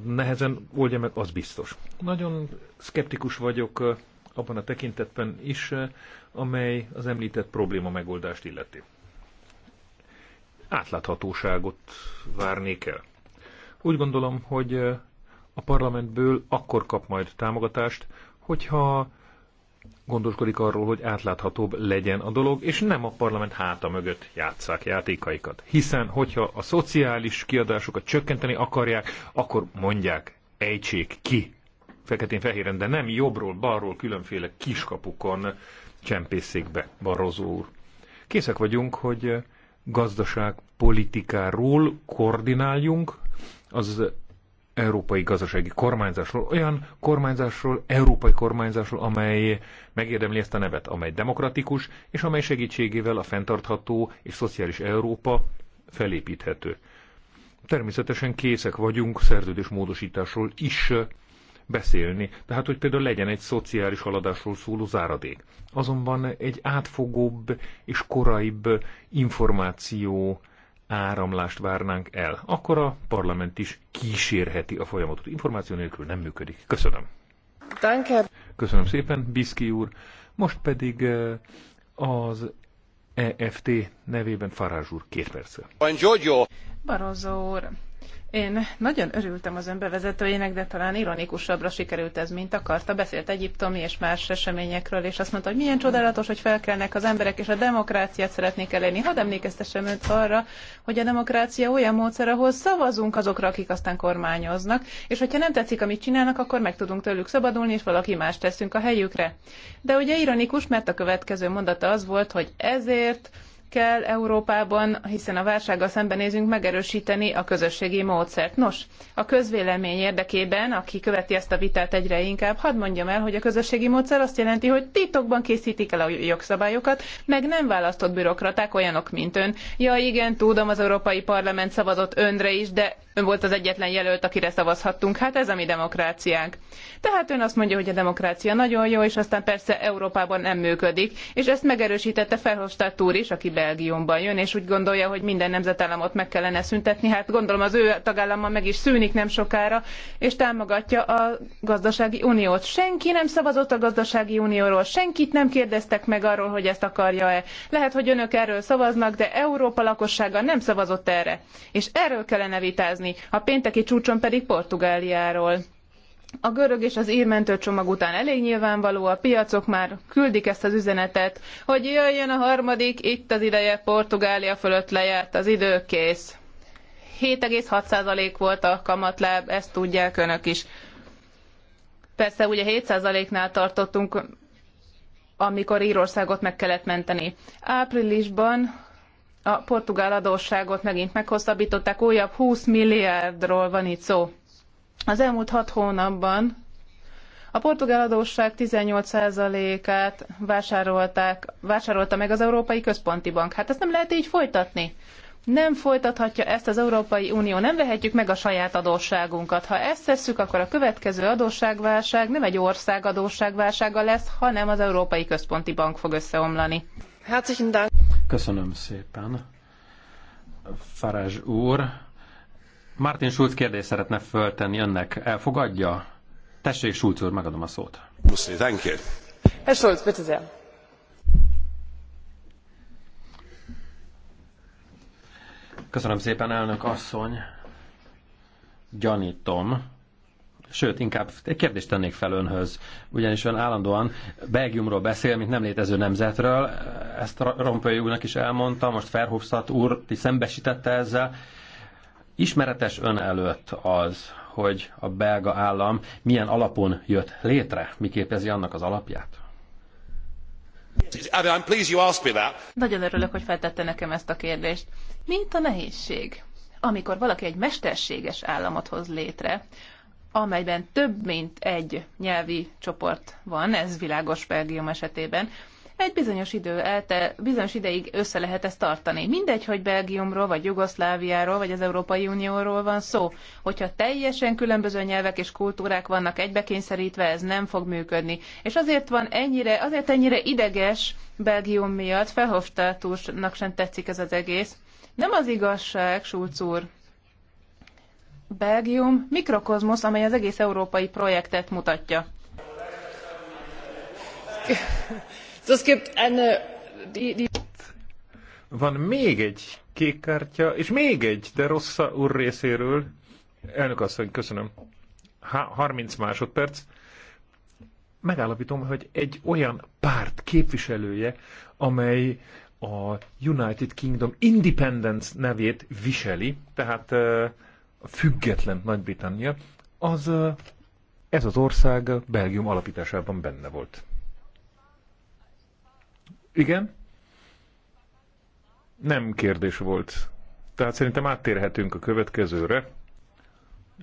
nehezen oldja meg, az biztos. Nagyon szkeptikus vagyok eh, abban a tekintetben is, eh, amely az említett probléma megoldást illeti. Átláthatóságot várnék el. Úgy gondolom, hogy eh, a parlamentből akkor kap majd támogatást, hogyha gondoskodik arról, hogy átláthatóbb legyen a dolog, és nem a parlament háta mögött játszák játékaikat. Hiszen, hogyha a szociális kiadásokat csökkenteni akarják, akkor mondják, ejtsék ki feketén-fehéren, de nem jobbról, balról, különféle kiskapukon csempészék be Barozó úr. Készek vagyunk, hogy gazdaságpolitikáról koordináljunk az európai gazdasági kormányzásról, olyan kormányzásról, európai kormányzásról, amely megérdemli ezt a nevet, amely demokratikus, és amely segítségével a fenntartható és szociális Európa felépíthető. Természetesen készek vagyunk szerződés módosításról is beszélni, tehát hogy például legyen egy szociális haladásról szóló záradék. Azonban egy átfogóbb és koraibb információ áramlást várnánk el. Akkor a parlament is kísérheti a folyamatot. Információ nélkül nem működik. Köszönöm. Danke. Köszönöm szépen, Biszki úr. Most pedig eh, az EFT nevében Farázs úr két perce. Barozó úr, én nagyon örültem az önbevezetőjének, de talán ironikusabbra sikerült ez, mint akarta. Beszélt egyiptomi és más eseményekről, és azt mondta, hogy milyen csodálatos, hogy felkelnek az emberek, és a demokráciát szeretnék elérni. Hadd emlékeztessem őt arra, hogy a demokrácia olyan módszer, ahol szavazunk azokra, akik aztán kormányoznak, és hogyha nem tetszik, amit csinálnak, akkor meg tudunk tőlük szabadulni, és valaki más teszünk a helyükre. De ugye ironikus, mert a következő mondata az volt, hogy ezért kell Európában, hiszen a válsággal szembenézünk, megerősíteni a közösségi módszert. Nos, a közvélemény érdekében, aki követi ezt a vitát egyre inkább, hadd mondjam el, hogy a közösségi módszer azt jelenti, hogy titokban készítik el a jogszabályokat, meg nem választott bürokraták olyanok, mint ön. Ja igen, tudom, az Európai Parlament szavazott önre is, de ön volt az egyetlen jelölt, akire szavazhattunk. Hát ez a mi demokráciánk. Tehát ön azt mondja, hogy a demokrácia nagyon jó, és aztán persze Európában nem működik, és ezt megerősítette Felhofstadt úr is, aki Belgiumban jön, és úgy gondolja, hogy minden nemzetállamot meg kellene szüntetni. Hát gondolom az ő tagállama meg is szűnik nem sokára, és támogatja a gazdasági uniót. Senki nem szavazott a gazdasági unióról, senkit nem kérdeztek meg arról, hogy ezt akarja-e. Lehet, hogy önök erről szavaznak, de Európa lakossága nem szavazott erre. És erről kellene vitázni vitatkozni. A pénteki csúcson pedig Portugáliáról. A görög és az ír mentőcsomag után elég nyilvánvaló, a piacok már küldik ezt az üzenetet, hogy jöjjön a harmadik, itt az ideje, Portugália fölött lejárt, az idő kész. 7,6% volt a kamatláb, ezt tudják önök is. Persze ugye 7%-nál tartottunk, amikor Írországot meg kellett menteni. Áprilisban a portugál adósságot megint meghosszabbították, újabb 20 milliárdról van itt szó. Az elmúlt hat hónapban a portugál adósság 18%-át vásárolták, vásárolta meg az Európai Központi Bank. Hát ezt nem lehet így folytatni. Nem folytathatja ezt az Európai Unió, nem vehetjük meg a saját adósságunkat. Ha ezt tesszük, akkor a következő adósságválság nem egy ország adósságválsága lesz, hanem az Európai Központi Bank fog összeomlani. Herzlichen Dank. Köszönöm szépen. Farázs úr, Martin Schulz kérdést szeretne föltenni önnek. Elfogadja? Tessék, Schulz úr, megadom a szót. Muszli, thank you. Herr Schulz, bitte sehr. Köszönöm szépen, elnök asszony. Gyanítom, Sőt, inkább egy kérdést tennék fel önhöz, ugyanis ön állandóan Belgiumról beszél, mint nem létező nemzetről. Ezt Rompöly úrnak is elmondta, most Ferhofszat úr is szembesítette ezzel. Ismeretes ön előtt az, hogy a belga állam milyen alapon jött létre, mi képezi annak az alapját? Nagyon örülök, hogy feltette nekem ezt a kérdést. Mint a nehézség? Amikor valaki egy mesterséges államot hoz létre, amelyben több mint egy nyelvi csoport van, ez világos Belgium esetében, egy bizonyos idő elte, bizonyos ideig össze lehet ezt tartani. Mindegy, hogy Belgiumról, vagy Jugoszláviáról, vagy az Európai Unióról van szó. Hogyha teljesen különböző nyelvek és kultúrák vannak egybekényszerítve, ez nem fog működni. És azért van ennyire, azért ennyire ideges Belgium miatt, felhoftátusnak sem tetszik ez az egész. Nem az igazság, Schulz úr, Belgium mikrokozmosz, amely az egész európai projektet mutatja. Van még egy kék kártya, és még egy, de rossza úr részéről. Elnök asszony, köszönöm. Há, 30 másodperc. Megállapítom, hogy egy olyan párt képviselője, amely a United Kingdom Independence nevét viseli, tehát független Nagy-Britannia, az ez az ország Belgium alapításában benne volt. Igen? Nem kérdés volt. Tehát szerintem áttérhetünk a következőre.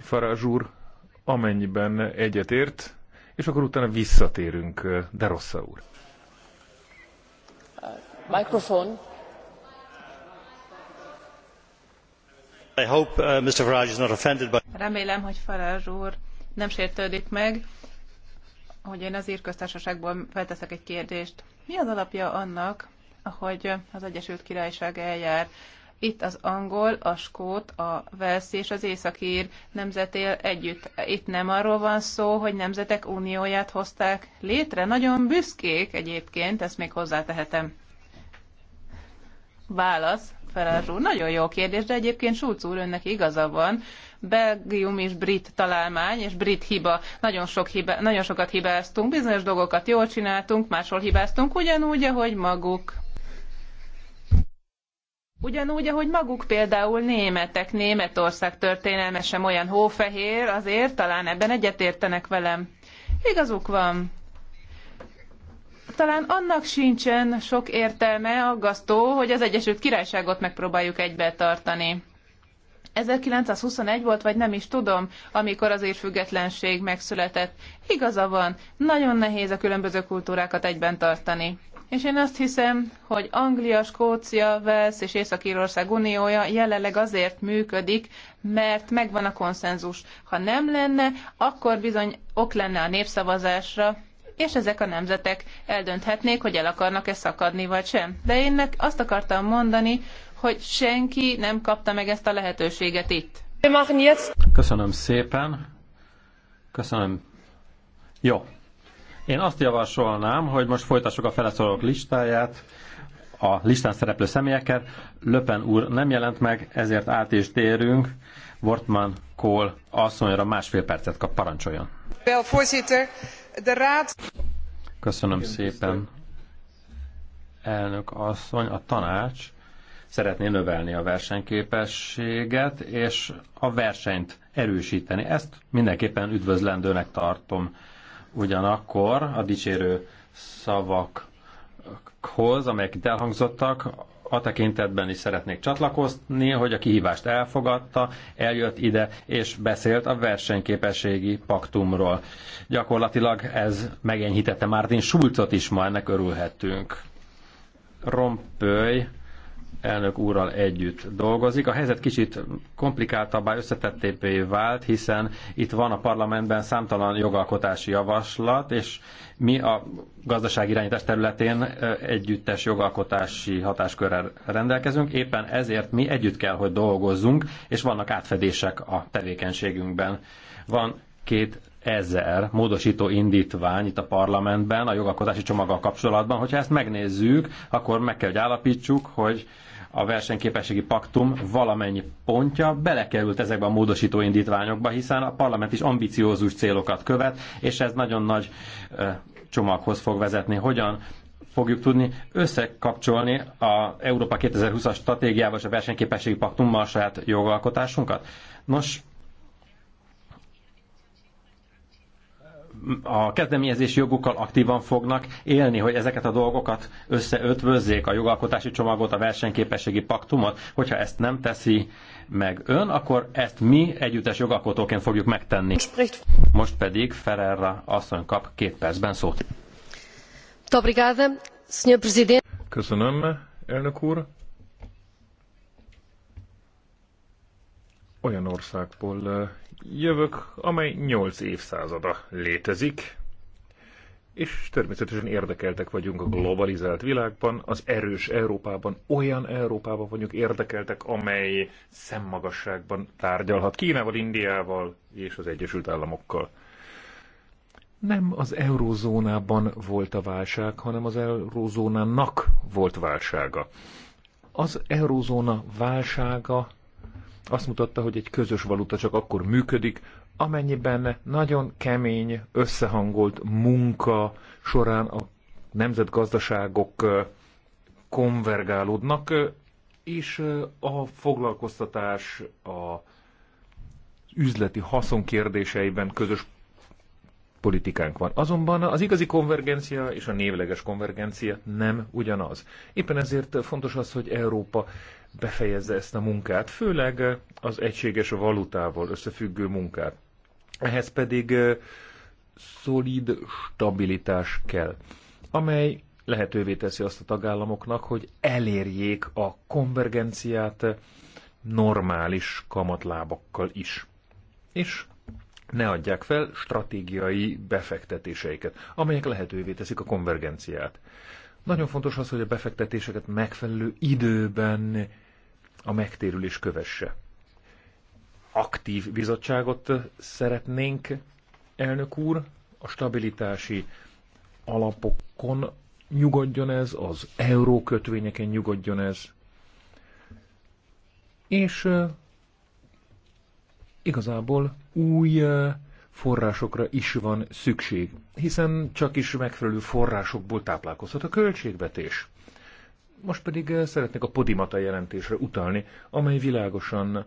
Farázs úr, amennyiben egyetért, és akkor utána visszatérünk, de rossz úr. Mikrofon. Uh, Remélem, hogy Farage úr nem sértődik meg, hogy én az köztársaságból felteszek egy kérdést. Mi az alapja annak, hogy az Egyesült Királyság eljár itt az angol, a skót, a velsz és az északír nemzet él együtt. Itt nem arról van szó, hogy nemzetek unióját hozták létre. Nagyon büszkék egyébként, ezt még hozzátehetem. Válasz. Farage Nagyon jó kérdés, de egyébként Schulz úr önnek igaza van. Belgium is brit találmány, és brit hiba. Nagyon, sok hiba, nagyon sokat hibáztunk, bizonyos dolgokat jól csináltunk, máshol hibáztunk, ugyanúgy, ahogy maguk. Ugyanúgy, ahogy maguk például németek, Németország történelme sem olyan hófehér, azért talán ebben egyetértenek velem. Igazuk van talán annak sincsen sok értelme, aggasztó, hogy az Egyesült Királyságot megpróbáljuk egybe tartani. 1921 volt, vagy nem is tudom, amikor az függetlenség megszületett. Igaza van, nagyon nehéz a különböző kultúrákat egyben tartani. És én azt hiszem, hogy Anglia, Skócia, Velsz és Észak-Írország uniója jelenleg azért működik, mert megvan a konszenzus. Ha nem lenne, akkor bizony ok lenne a népszavazásra, és ezek a nemzetek eldönthetnék, hogy el akarnak-e szakadni vagy sem. De én meg azt akartam mondani, hogy senki nem kapta meg ezt a lehetőséget itt. Köszönöm szépen. Köszönöm. Jó. Én azt javasolnám, hogy most folytassuk a feleszorok listáját a listán szereplő személyeket. Löpen úr nem jelent meg, ezért át is térünk. Wortmann Kohl asszonyra másfél percet kap, parancsoljon. Well, Köszönöm szépen, elnök asszony. A tanács szeretné növelni a versenyképességet, és a versenyt erősíteni. Ezt mindenképpen üdvözlendőnek tartom. Ugyanakkor a dicsérő szavakhoz, amelyek itt elhangzottak, a tekintetben is szeretnék csatlakozni, hogy a kihívást elfogadta, eljött ide, és beszélt a versenyképességi paktumról. Gyakorlatilag ez megenyhítette Martin Schulzot is, ma ennek örülhetünk. Rompöly elnök úrral együtt dolgozik. A helyzet kicsit komplikáltabbá, összetettébbé vált, hiszen itt van a parlamentben számtalan jogalkotási javaslat, és mi a gazdaságirányítás területén együttes jogalkotási hatáskörrel rendelkezünk. Éppen ezért mi együtt kell, hogy dolgozzunk, és vannak átfedések a tevékenységünkben. Van két ezer módosító indítvány itt a parlamentben a jogalkotási csomaggal kapcsolatban. Hogyha ezt megnézzük, akkor meg kell, hogy állapítsuk, hogy a versenyképességi paktum valamennyi pontja belekerült ezekbe a módosító indítványokba, hiszen a parlament is ambiciózus célokat követ, és ez nagyon nagy csomaghoz fog vezetni. Hogyan fogjuk tudni összekapcsolni a Európa 2020-as stratégiával és a versenyképességi paktummal a saját jogalkotásunkat? Nos, a kezdeményezés jogukkal aktívan fognak élni, hogy ezeket a dolgokat összeötvözzék, a jogalkotási csomagot, a versenyképességi paktumot. Hogyha ezt nem teszi meg ön, akkor ezt mi együttes jogalkotóként fogjuk megtenni. Most pedig Ferrerra asszony kap két percben szót. Köszönöm, elnök úr. Olyan országból eh, jövök, amely 8 évszázada létezik, és természetesen érdekeltek vagyunk a globalizált világban, az erős Európában, olyan Európában vagyunk érdekeltek, amely szemmagasságban tárgyalhat Kínával, Indiával és az Egyesült Államokkal. Nem az eurózónában volt a válság, hanem az eurózónának volt válsága. Az eurózóna válsága azt mutatta, hogy egy közös valuta csak akkor működik, amennyiben nagyon kemény, összehangolt munka során a nemzetgazdaságok konvergálódnak, és a foglalkoztatás, a üzleti haszon kérdéseiben közös politikánk van. Azonban az igazi konvergencia és a névleges konvergencia nem ugyanaz. Éppen ezért fontos az, hogy Európa befejezze ezt a munkát, főleg az egységes valutával összefüggő munkát. Ehhez pedig szolid stabilitás kell, amely lehetővé teszi azt a tagállamoknak, hogy elérjék a konvergenciát normális kamatlábakkal is. És ne adják fel stratégiai befektetéseiket, amelyek lehetővé teszik a konvergenciát. Nagyon fontos az, hogy a befektetéseket megfelelő időben a megtérülés kövesse. Aktív bizottságot szeretnénk, elnök úr, a stabilitási alapokon nyugodjon ez, az eurókötvényeken nyugodjon ez, és igazából új forrásokra is van szükség, hiszen csak is megfelelő forrásokból táplálkozhat a költségvetés. Most pedig szeretnék a Podimata jelentésre utalni, amely világosan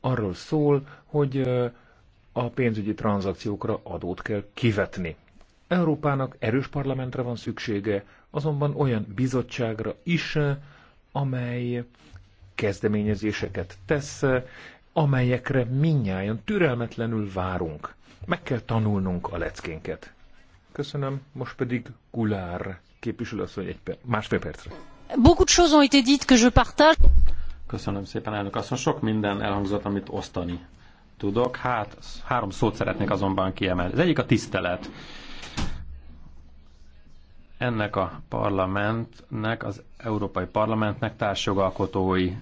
arról szól, hogy a pénzügyi tranzakciókra adót kell kivetni. Európának erős parlamentre van szüksége, azonban olyan bizottságra is, amely kezdeményezéseket tesz, amelyekre minnyáján türelmetlenül várunk. Meg kell tanulnunk a leckénket. Köszönöm, most pedig Gulár képviselőasszony egy per- másfél percre. Beaucoup de choses ont été dites que je partage. Köszönöm szépen, elnök asszony. Sok minden elhangzott, amit osztani tudok. Hát, három szót szeretnék azonban kiemelni. Az egyik a tisztelet. Ennek a parlamentnek, az Európai Parlamentnek társjogalkotói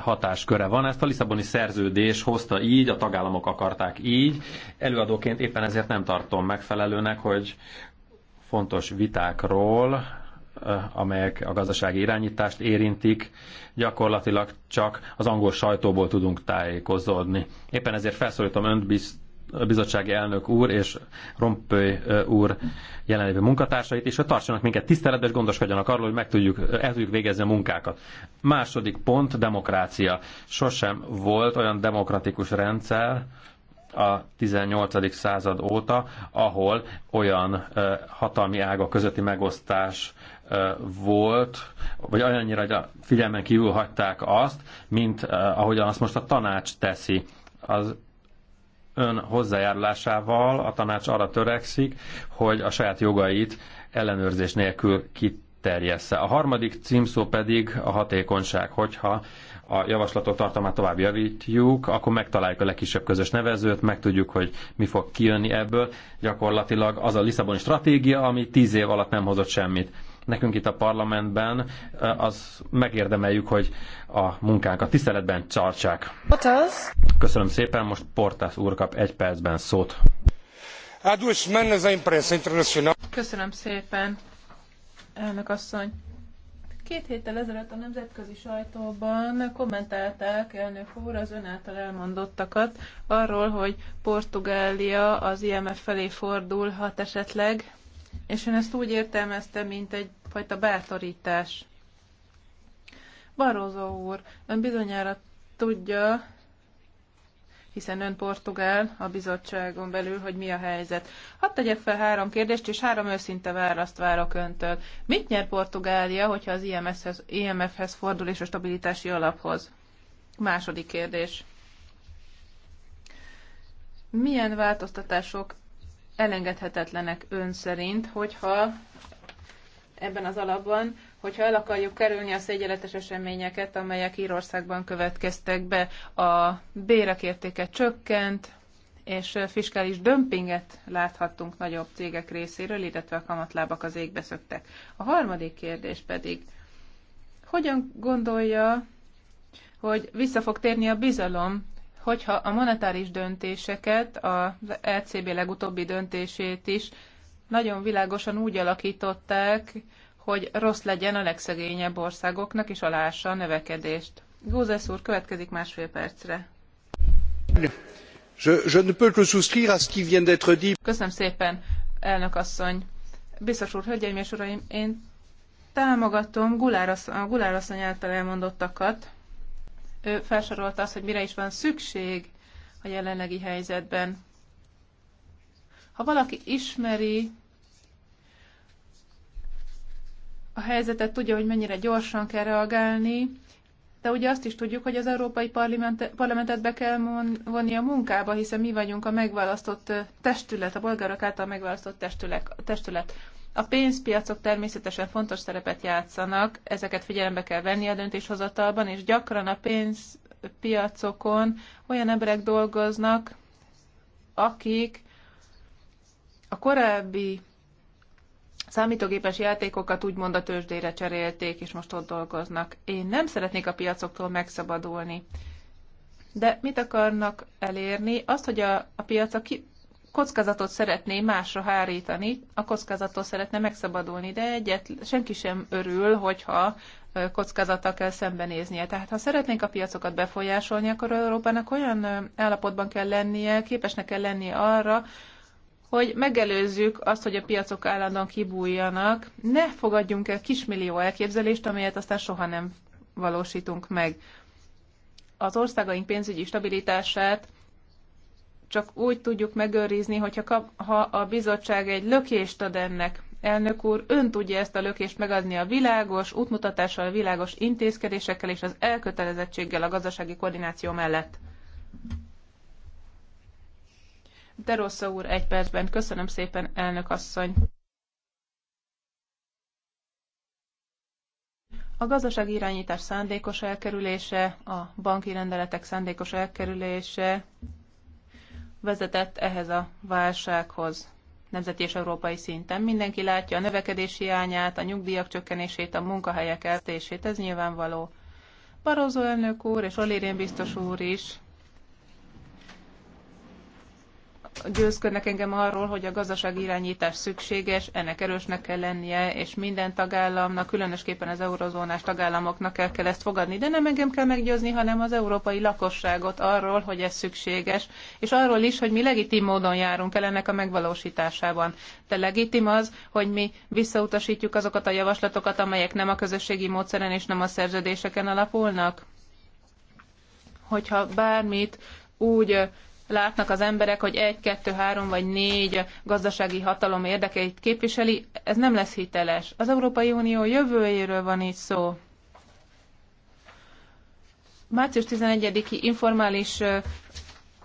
hatásköre van. Ezt a Lisszaboni szerződés hozta így, a tagállamok akarták így. Előadóként éppen ezért nem tartom megfelelőnek, hogy fontos vitákról, eh, amelyek a gazdasági irányítást érintik, gyakorlatilag csak az angol sajtóból tudunk tájékozódni. Éppen ezért felszólítom önt, biztos bizottsági elnök úr és Rompöly úr jelenlévő munkatársait, és hogy tartsanak minket tiszteletben, és gondoskodjanak arról, hogy meg tudjuk, el tudjuk végezni a munkákat. Második pont, demokrácia. Sosem volt olyan demokratikus rendszer, a 18. század óta, ahol olyan hatalmi ága közötti megosztás volt, vagy annyira, hogy a figyelmen kívül hagyták azt, mint ahogyan azt most a tanács teszi. Az ön hozzájárulásával a tanács arra törekszik, hogy a saját jogait ellenőrzés nélkül kiterjessze. A harmadik címszó pedig a hatékonyság, hogyha a javaslatok tartalmát tovább javítjuk, akkor megtaláljuk a legkisebb közös nevezőt, megtudjuk, hogy mi fog kijönni ebből. Gyakorlatilag az a Lisszaboni stratégia, ami tíz év alatt nem hozott semmit nekünk itt a parlamentben, az megérdemeljük, hogy a munkánkat tiszteletben tartsák. Portas. Köszönöm szépen, most Portás úr kap egy percben szót. Köszönöm szépen, elnök asszony. Két héttel ezelőtt a nemzetközi sajtóban kommentálták elnök úr az ön által elmondottakat arról, hogy Portugália az IMF felé fordulhat esetleg, és én ezt úgy értelmeztem, mint egyfajta bátorítás. Barózó úr, ön bizonyára tudja, hiszen ön portugál a bizottságon belül, hogy mi a helyzet. Hadd tegyek fel három kérdést, és három őszinte választ várok öntől. Mit nyer Portugália, hogyha az IMF-hez, IMF-hez fordul és a stabilitási alaphoz? Második kérdés. Milyen változtatások elengedhetetlenek ön szerint, hogyha ebben az alapban, hogyha el akarjuk kerülni a szégyenletes eseményeket, amelyek Írországban következtek be, a bérek értéke csökkent, és fiskális dömpinget láthattunk nagyobb cégek részéről, illetve a kamatlábak az égbe szöktek. A harmadik kérdés pedig, hogyan gondolja, hogy vissza fog térni a bizalom hogyha a monetáris döntéseket, az ECB legutóbbi döntését is nagyon világosan úgy alakították, hogy rossz legyen a legszegényebb országoknak, és alássa a növekedést. Gózes úr, következik másfél percre. Je, je ne peux que souscrire à ce qui vient d'être dit. Köszönöm szépen, elnök asszony. Biztos úr, hölgyeim és uraim, én támogatom Gulár asszony által elmondottakat, ő felsorolta azt, hogy mire is van szükség a jelenlegi helyzetben. Ha valaki ismeri a helyzetet, tudja, hogy mennyire gyorsan kell reagálni, de ugye azt is tudjuk, hogy az Európai Parlamentet be kell vonni a munkába, hiszen mi vagyunk a megválasztott testület, a bolgárok által megválasztott testület. testület. A pénzpiacok természetesen fontos szerepet játszanak, ezeket figyelembe kell venni a döntéshozatalban, és gyakran a pénzpiacokon olyan emberek dolgoznak, akik a korábbi számítógépes játékokat úgymond a tőzsdére cserélték, és most ott dolgoznak. Én nem szeretnék a piacoktól megszabadulni. De mit akarnak elérni? Azt, hogy a, a piac a ki, kockázatot szeretné másra hárítani, a kockázattól szeretne megszabadulni, de egyet senki sem örül, hogyha kockázattal kell szembenéznie. Tehát ha szeretnénk a piacokat befolyásolni, akkor Európának olyan állapotban kell lennie, képesnek kell lennie arra, hogy megelőzzük azt, hogy a piacok állandóan kibújjanak, ne fogadjunk el kismillió elképzelést, amelyet aztán soha nem valósítunk meg. Az országaink pénzügyi stabilitását csak úgy tudjuk megőrizni, hogyha kap, ha a bizottság egy lökést ad ennek. Elnök úr, ön tudja ezt a lökést megadni a világos útmutatással, a világos intézkedésekkel és az elkötelezettséggel a gazdasági koordináció mellett. De Rossza úr, egy percben. Köszönöm szépen, elnök asszony. A gazdasági irányítás szándékos elkerülése, a banki rendeletek szándékos elkerülése vezetett ehhez a válsághoz nemzeti és európai szinten. Mindenki látja a növekedés hiányát, a nyugdíjak csökkenését, a munkahelyek eltését, ez nyilvánvaló. Barózó elnök úr és Olérén biztos úr is győzködnek engem arról, hogy a gazdasági irányítás szükséges, ennek erősnek kell lennie, és minden tagállamnak, különösképpen az eurozónás tagállamoknak el kell ezt fogadni. De nem engem kell meggyőzni, hanem az európai lakosságot arról, hogy ez szükséges, és arról is, hogy mi legitim módon járunk el ennek a megvalósításában. De legitim az, hogy mi visszautasítjuk azokat a javaslatokat, amelyek nem a közösségi módszeren és nem a szerződéseken alapulnak? Hogyha bármit úgy látnak az emberek, hogy egy, kettő, három vagy négy gazdasági hatalom érdekeit képviseli, ez nem lesz hiteles. Az Európai Unió jövőjéről van itt szó. Március 11-i informális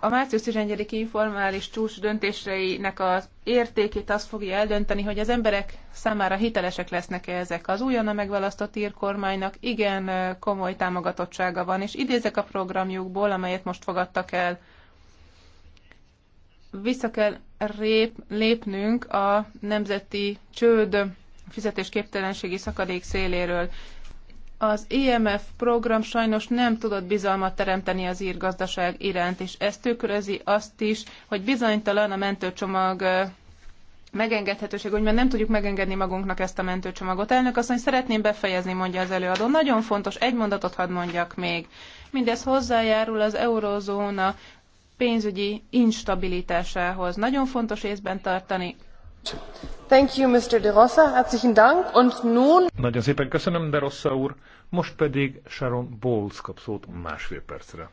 a március 11 informális csúcs döntéseinek az értékét az fogja eldönteni, hogy az emberek számára hitelesek lesznek-e ezek. Az újonnan megválasztott írkormánynak igen komoly támogatottsága van, és idézek a programjukból, amelyet most fogadtak el vissza kell rép, lépnünk a nemzeti csőd fizetésképtelenségi szakadék széléről. Az IMF program sajnos nem tudott bizalmat teremteni az ír gazdaság iránt, és ez tükrözi azt is, hogy bizonytalan a mentőcsomag megengedhetőség, hogy mert nem tudjuk megengedni magunknak ezt a mentőcsomagot. Elnök azt mondja, szeretném befejezni, mondja az előadó. Nagyon fontos, egy mondatot hadd mondjak még. Mindez hozzájárul az eurozóna pénzügyi instabilitásához. Nagyon fontos észben tartani. Thank you, Mr. De Rossa. Herzlichen Dank. Und nun... Nagyon szépen köszönöm, De Rossa úr. Most pedig Sharon Bowles kap szót másfél percre.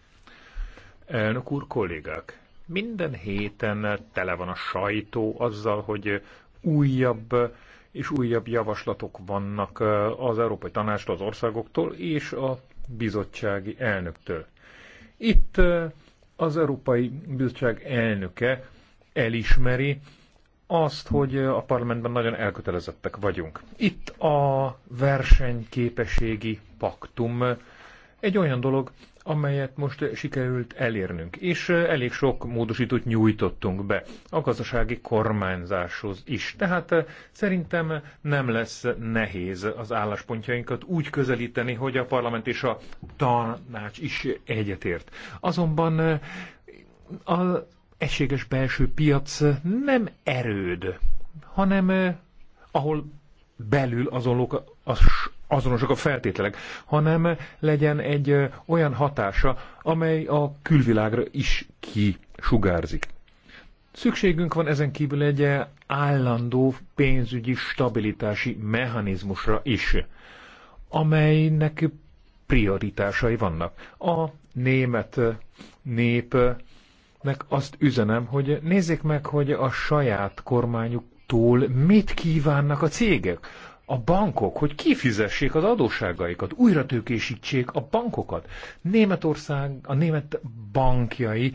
Elnök úr, kollégák, minden héten tele van a sajtó azzal, hogy újabb és újabb javaslatok vannak eh, az Európai Tanástól, az országoktól és a bizottsági elnöktől. Itt eh, az Európai Bizottság elnöke elismeri azt, hogy a parlamentben nagyon elkötelezettek vagyunk. Itt a versenyképességi paktum egy olyan dolog, amelyet most sikerült elérnünk, és elég sok módosítót nyújtottunk be a gazdasági kormányzáshoz is. Tehát szerintem nem lesz nehéz az álláspontjainkat úgy közelíteni, hogy a parlament és a tanács is egyetért. Azonban a egységes belső piac nem erőd, hanem ahol belül azonlók a azonosak a feltételek, hanem legyen egy olyan hatása, amely a külvilágra is kisugárzik. Szükségünk van ezen kívül egy állandó pénzügyi stabilitási mechanizmusra is, amelynek prioritásai vannak. A német népnek azt üzenem, hogy nézzék meg, hogy a saját kormányuktól mit kívánnak a cégek a bankok, hogy kifizessék az adósságaikat, újra tőkésítsék a bankokat. Németország, a német bankjai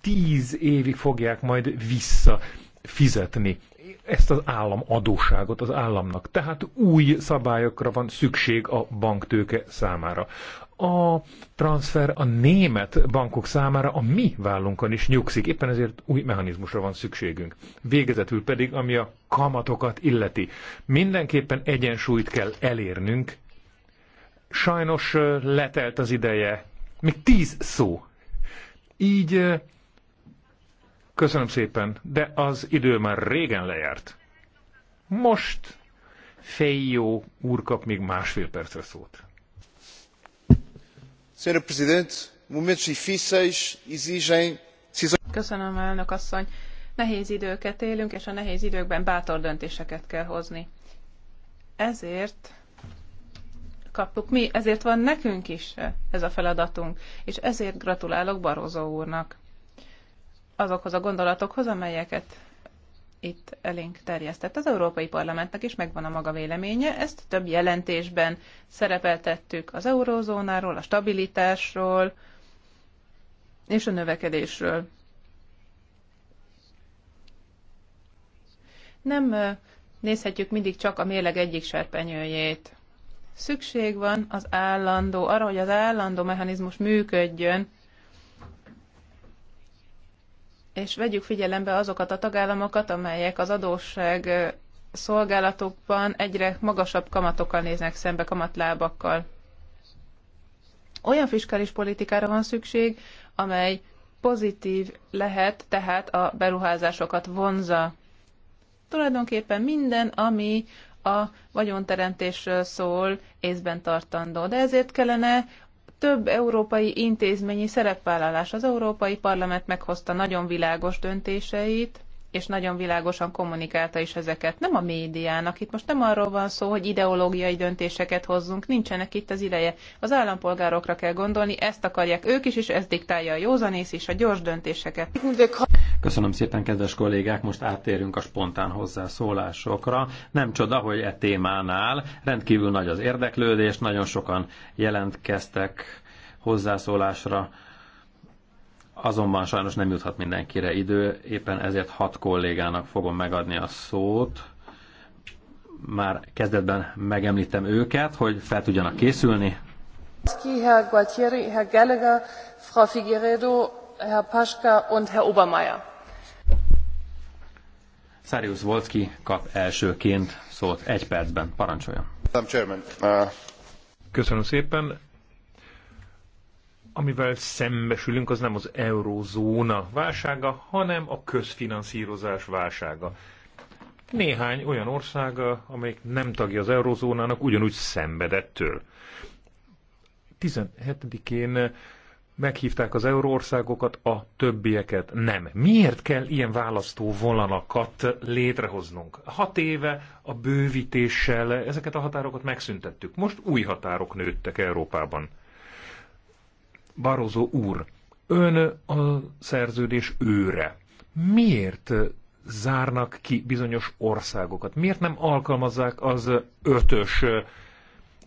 tíz évig fogják majd visszafizetni ezt az állam adósságot az államnak. Tehát új szabályokra van szükség a banktőke számára a transfer a német bankok számára a mi vállunkon is nyugszik, éppen ezért új mechanizmusra van szükségünk. Végezetül pedig, ami a kamatokat illeti. Mindenképpen egyensúlyt kell elérnünk. Sajnos letelt az ideje, még tíz szó. Így köszönöm szépen, de az idő már régen lejárt. Most Fejjó úr kap még másfél percre szót senhora presidente momentos difíceis exigem köszönöm elnök asszony nehéz időket élünk és a nehéz időkben bátor döntéseket kell hozni ezért kaptuk mi, ezért van nekünk is ez a feladatunk, és ezért gratulálok Barózó úrnak azokhoz a gondolatokhoz, amelyeket itt elénk terjesztett. Az Európai Parlamentnek is megvan a maga véleménye, ezt több jelentésben szerepeltettük az eurózónáról, a stabilitásról és a növekedésről. Nem nézhetjük mindig csak a mérleg egyik serpenyőjét. Szükség van az állandó, arra, hogy az állandó mechanizmus működjön, és vegyük figyelembe azokat a tagállamokat, amelyek az adósság szolgálatokban egyre magasabb kamatokkal néznek szembe, kamatlábakkal. Olyan fiskális politikára van szükség, amely pozitív lehet, tehát a beruházásokat vonza. Tulajdonképpen minden, ami a vagyonteremtésről szól, észben tartandó. De ezért kellene több európai intézményi szerepvállalás. Az Európai Parlament meghozta nagyon világos döntéseit, és nagyon világosan kommunikálta is ezeket. Nem a médiának, itt most nem arról van szó, hogy ideológiai döntéseket hozzunk, nincsenek itt az ideje. Az állampolgárokra kell gondolni, ezt akarják ők is, és ez diktálja a józanész és a gyors döntéseket. Köszönöm szépen, kedves kollégák, most áttérünk a spontán hozzászólásokra. Nem csoda, hogy e témánál rendkívül nagy az érdeklődés, nagyon sokan jelentkeztek hozzászólásra, azonban sajnos nem juthat mindenkire idő, éppen ezért hat kollégának fogom megadni a szót. Már kezdetben megemlítem őket, hogy fel tudjanak készülni. Herr Gualtieri, Herr Gallagher, Frau Figueredo, Herr Paschka und Herr Obermeier Szárius Volszki kap elsőként szót egy percben. Parancsoljon. Uh, Köszönöm szépen. Amivel szembesülünk, az nem az eurózóna válsága, hanem a közfinanszírozás válsága. Néhány olyan ország, uh, amelyik nem tagja az eurózónának, ugyanúgy szenvedettől. 17-én meghívták az euróországokat, a többieket nem. Miért kell ilyen választó vonalakat létrehoznunk? Hat éve a bővítéssel ezeket a határokat megszüntettük. Most új határok nőttek Európában. Barozó úr, ön a szerződés őre. Miért zárnak ki bizonyos országokat? Miért nem alkalmazzák az ötös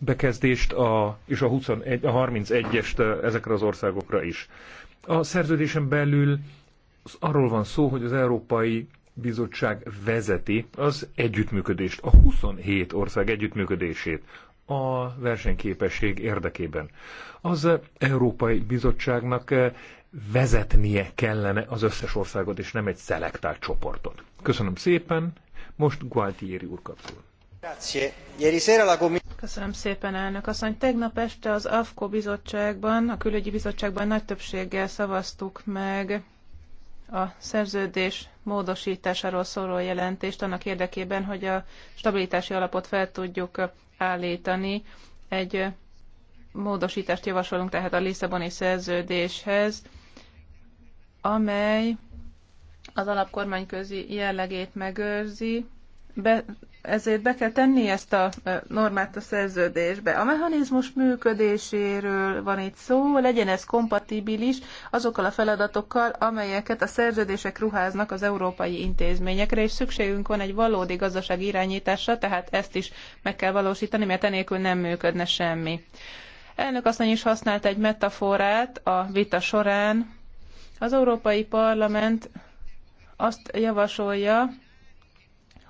bekezdést a, és a, 21, a 31-est ezekre az országokra is. A szerződésen belül arról van szó, hogy az Európai Bizottság vezeti az együttműködést, a 27 ország együttműködését a versenyképesség érdekében. Az Európai Bizottságnak vezetnie kellene az összes országot, és nem egy szelektált csoportot. Köszönöm szépen, most Gualtieri úr kapcsolat. Köszönöm szépen, Tegnap este az afco bizottságban, a külügyi bizottságban nagy többséggel szavaztuk meg a szerződés módosításáról szóló jelentést annak érdekében, hogy a stabilitási alapot fel tudjuk állítani. Egy módosítást javasolunk tehát a Lisszaboni szerződéshez, amely az alapkormányközi jellegét megőrzi, be, ezért be kell tenni ezt a normát a szerződésbe. A mechanizmus működéséről van itt szó, legyen ez kompatibilis azokkal a feladatokkal, amelyeket a szerződések ruháznak az európai intézményekre, és szükségünk van egy valódi gazdaság irányításra, tehát ezt is meg kell valósítani, mert enélkül nem működne semmi. Elnök asszony is használt egy metaforát a vita során. Az Európai Parlament azt javasolja,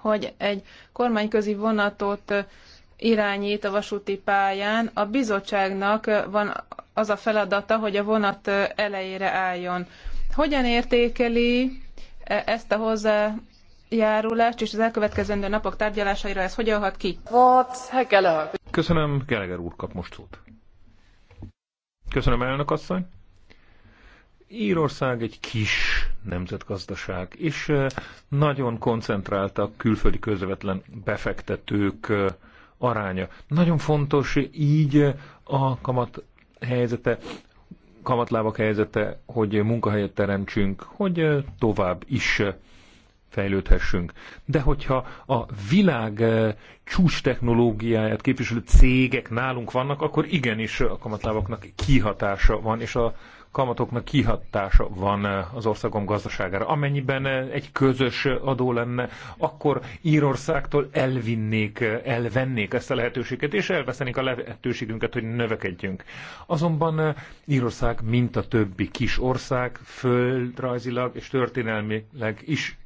hogy egy kormányközi vonatot irányít a vasúti pályán, a bizottságnak van az a feladata, hogy a vonat elejére álljon. Hogyan értékeli e, ezt a hozzájárulást, és az elkövetkezendő napok tárgyalásaira ez hogyan hat ki? Köszönöm, Geleger úr kap most szót. Köszönöm, elnök asszony. Írország egy kis nemzetgazdaság, és nagyon koncentráltak külföldi közvetlen befektetők aránya. Nagyon fontos így a kamat helyzete, kamatlábak helyzete, hogy munkahelyet teremtsünk, hogy tovább is fejlődhessünk. De hogyha a világ csúcs technológiáját képviselő cégek nálunk vannak, akkor igenis a kamatlábaknak kihatása van, és a kamatoknak kihatása van eh, az országom gazdaságára. Amennyiben eh, egy közös eh, adó lenne, akkor Írországtól elvinnék, elvennék ezt a lehetőséget, és elvesztenék a lehetőségünket, hogy növekedjünk. Azonban Írország, mint a többi kis ország, földrajzilag és történelmileg is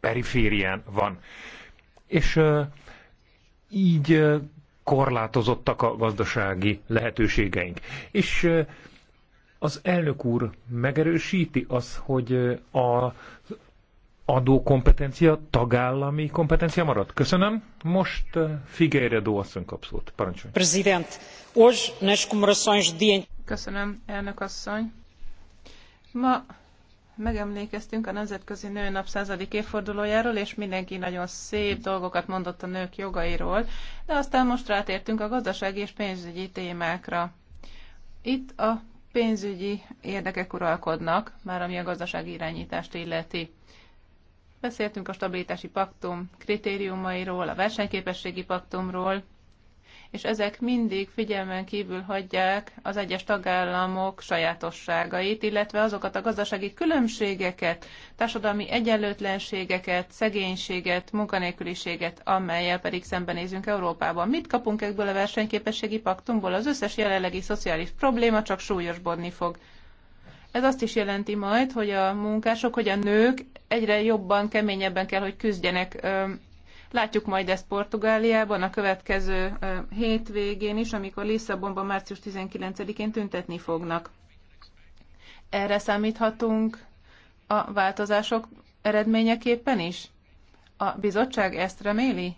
periférián van. És így korlátozottak a gazdasági lehetőségeink. És az elnök úr megerősíti az, hogy a adókompetencia tagállami kompetencia marad? Köszönöm. Most Figueira asszony kap szót. Parancsolj. Prezident, hoje nas comemorações de... Köszönöm, elnök asszony. Ma megemlékeztünk a Nemzetközi Nőnap századik évfordulójáról, és mindenki nagyon szép dolgokat mondott a nők jogairól, de aztán most rátértünk a gazdasági és pénzügyi témákra. Itt a pénzügyi érdekek uralkodnak, már ami a gazdasági irányítást illeti. Beszéltünk a stabilitási paktum kritériumairól, a versenyképességi paktumról, és ezek mindig figyelmen kívül hagyják az egyes tagállamok sajátosságait, illetve azokat a gazdasági különbségeket, társadalmi egyenlőtlenségeket, szegénységet, munkanélküliséget, amelyel pedig szembenézünk Európában. Mit kapunk ebből a versenyképességi paktumból? Az összes jelenlegi szociális probléma csak súlyosbodni fog. Ez azt is jelenti majd, hogy a munkások, hogy a nők egyre jobban, keményebben kell, hogy küzdjenek Látjuk majd ezt Portugáliában a következő hétvégén is, amikor Lisszabonban március 19-én tüntetni fognak. Erre számíthatunk a változások eredményeképpen is? A bizottság ezt reméli?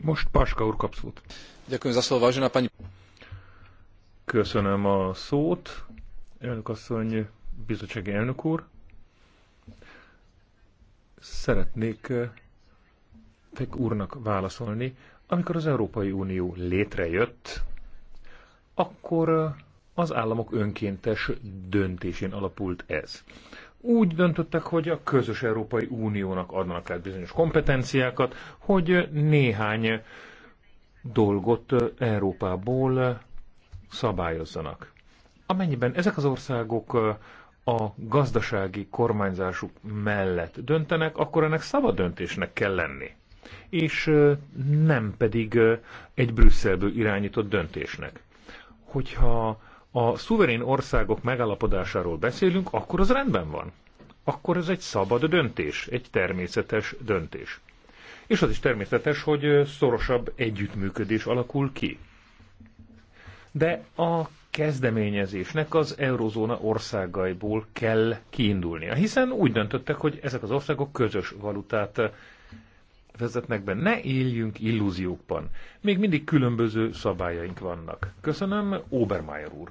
Most Paska úr kap szót. Köszönöm a szót. Elnök asszony, bizottsági elnök úr. Szeretnék Fek úrnak válaszolni. Amikor az Európai Unió létrejött, akkor az államok önkéntes döntésén alapult ez. Úgy döntöttek, hogy a közös Európai Uniónak adnak át bizonyos kompetenciákat, hogy néhány dolgot Európából szabályozzanak. Amennyiben ezek az országok a gazdasági kormányzásuk mellett döntenek, akkor ennek szabad döntésnek kell lenni, és nem pedig egy Brüsszelből irányított döntésnek. Hogyha a szuverén országok megállapodásáról beszélünk, akkor az rendben van. Akkor ez egy szabad döntés, egy természetes döntés. És az is természetes, hogy szorosabb együttműködés alakul ki. De a kezdeményezésnek az eurozóna országaiból kell kiindulnia, hiszen úgy döntöttek, hogy ezek az országok közös valutát vezetnek be. Ne éljünk illúziókban. Még mindig különböző szabályaink vannak. Köszönöm, Obermeier úr.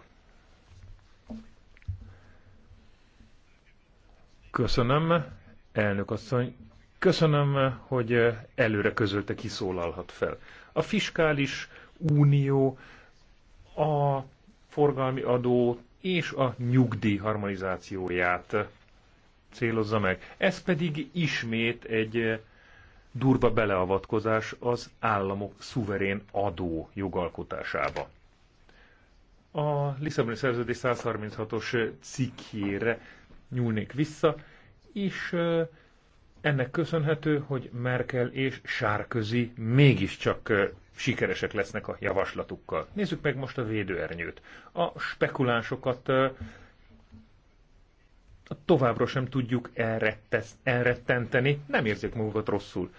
Köszönöm, elnök asszony. Köszönöm, hogy előre közölte kiszólalhat fel. A fiskális unió a forgalmi adó és a nyugdíj harmonizációját célozza meg. Ez pedig ismét egy eh, durva beleavatkozás az államok szuverén adó jogalkotásába. A Lisszaboni Szerződés 136-os cikkére nyúlnék vissza, és eh, ennek köszönhető, hogy Merkel és Sárközi mégiscsak eh, sikeresek lesznek a javaslatukkal. Nézzük meg most a védőernyőt. A spekulánsokat továbbra sem tudjuk elrettenteni, nem érzik magukat rosszul.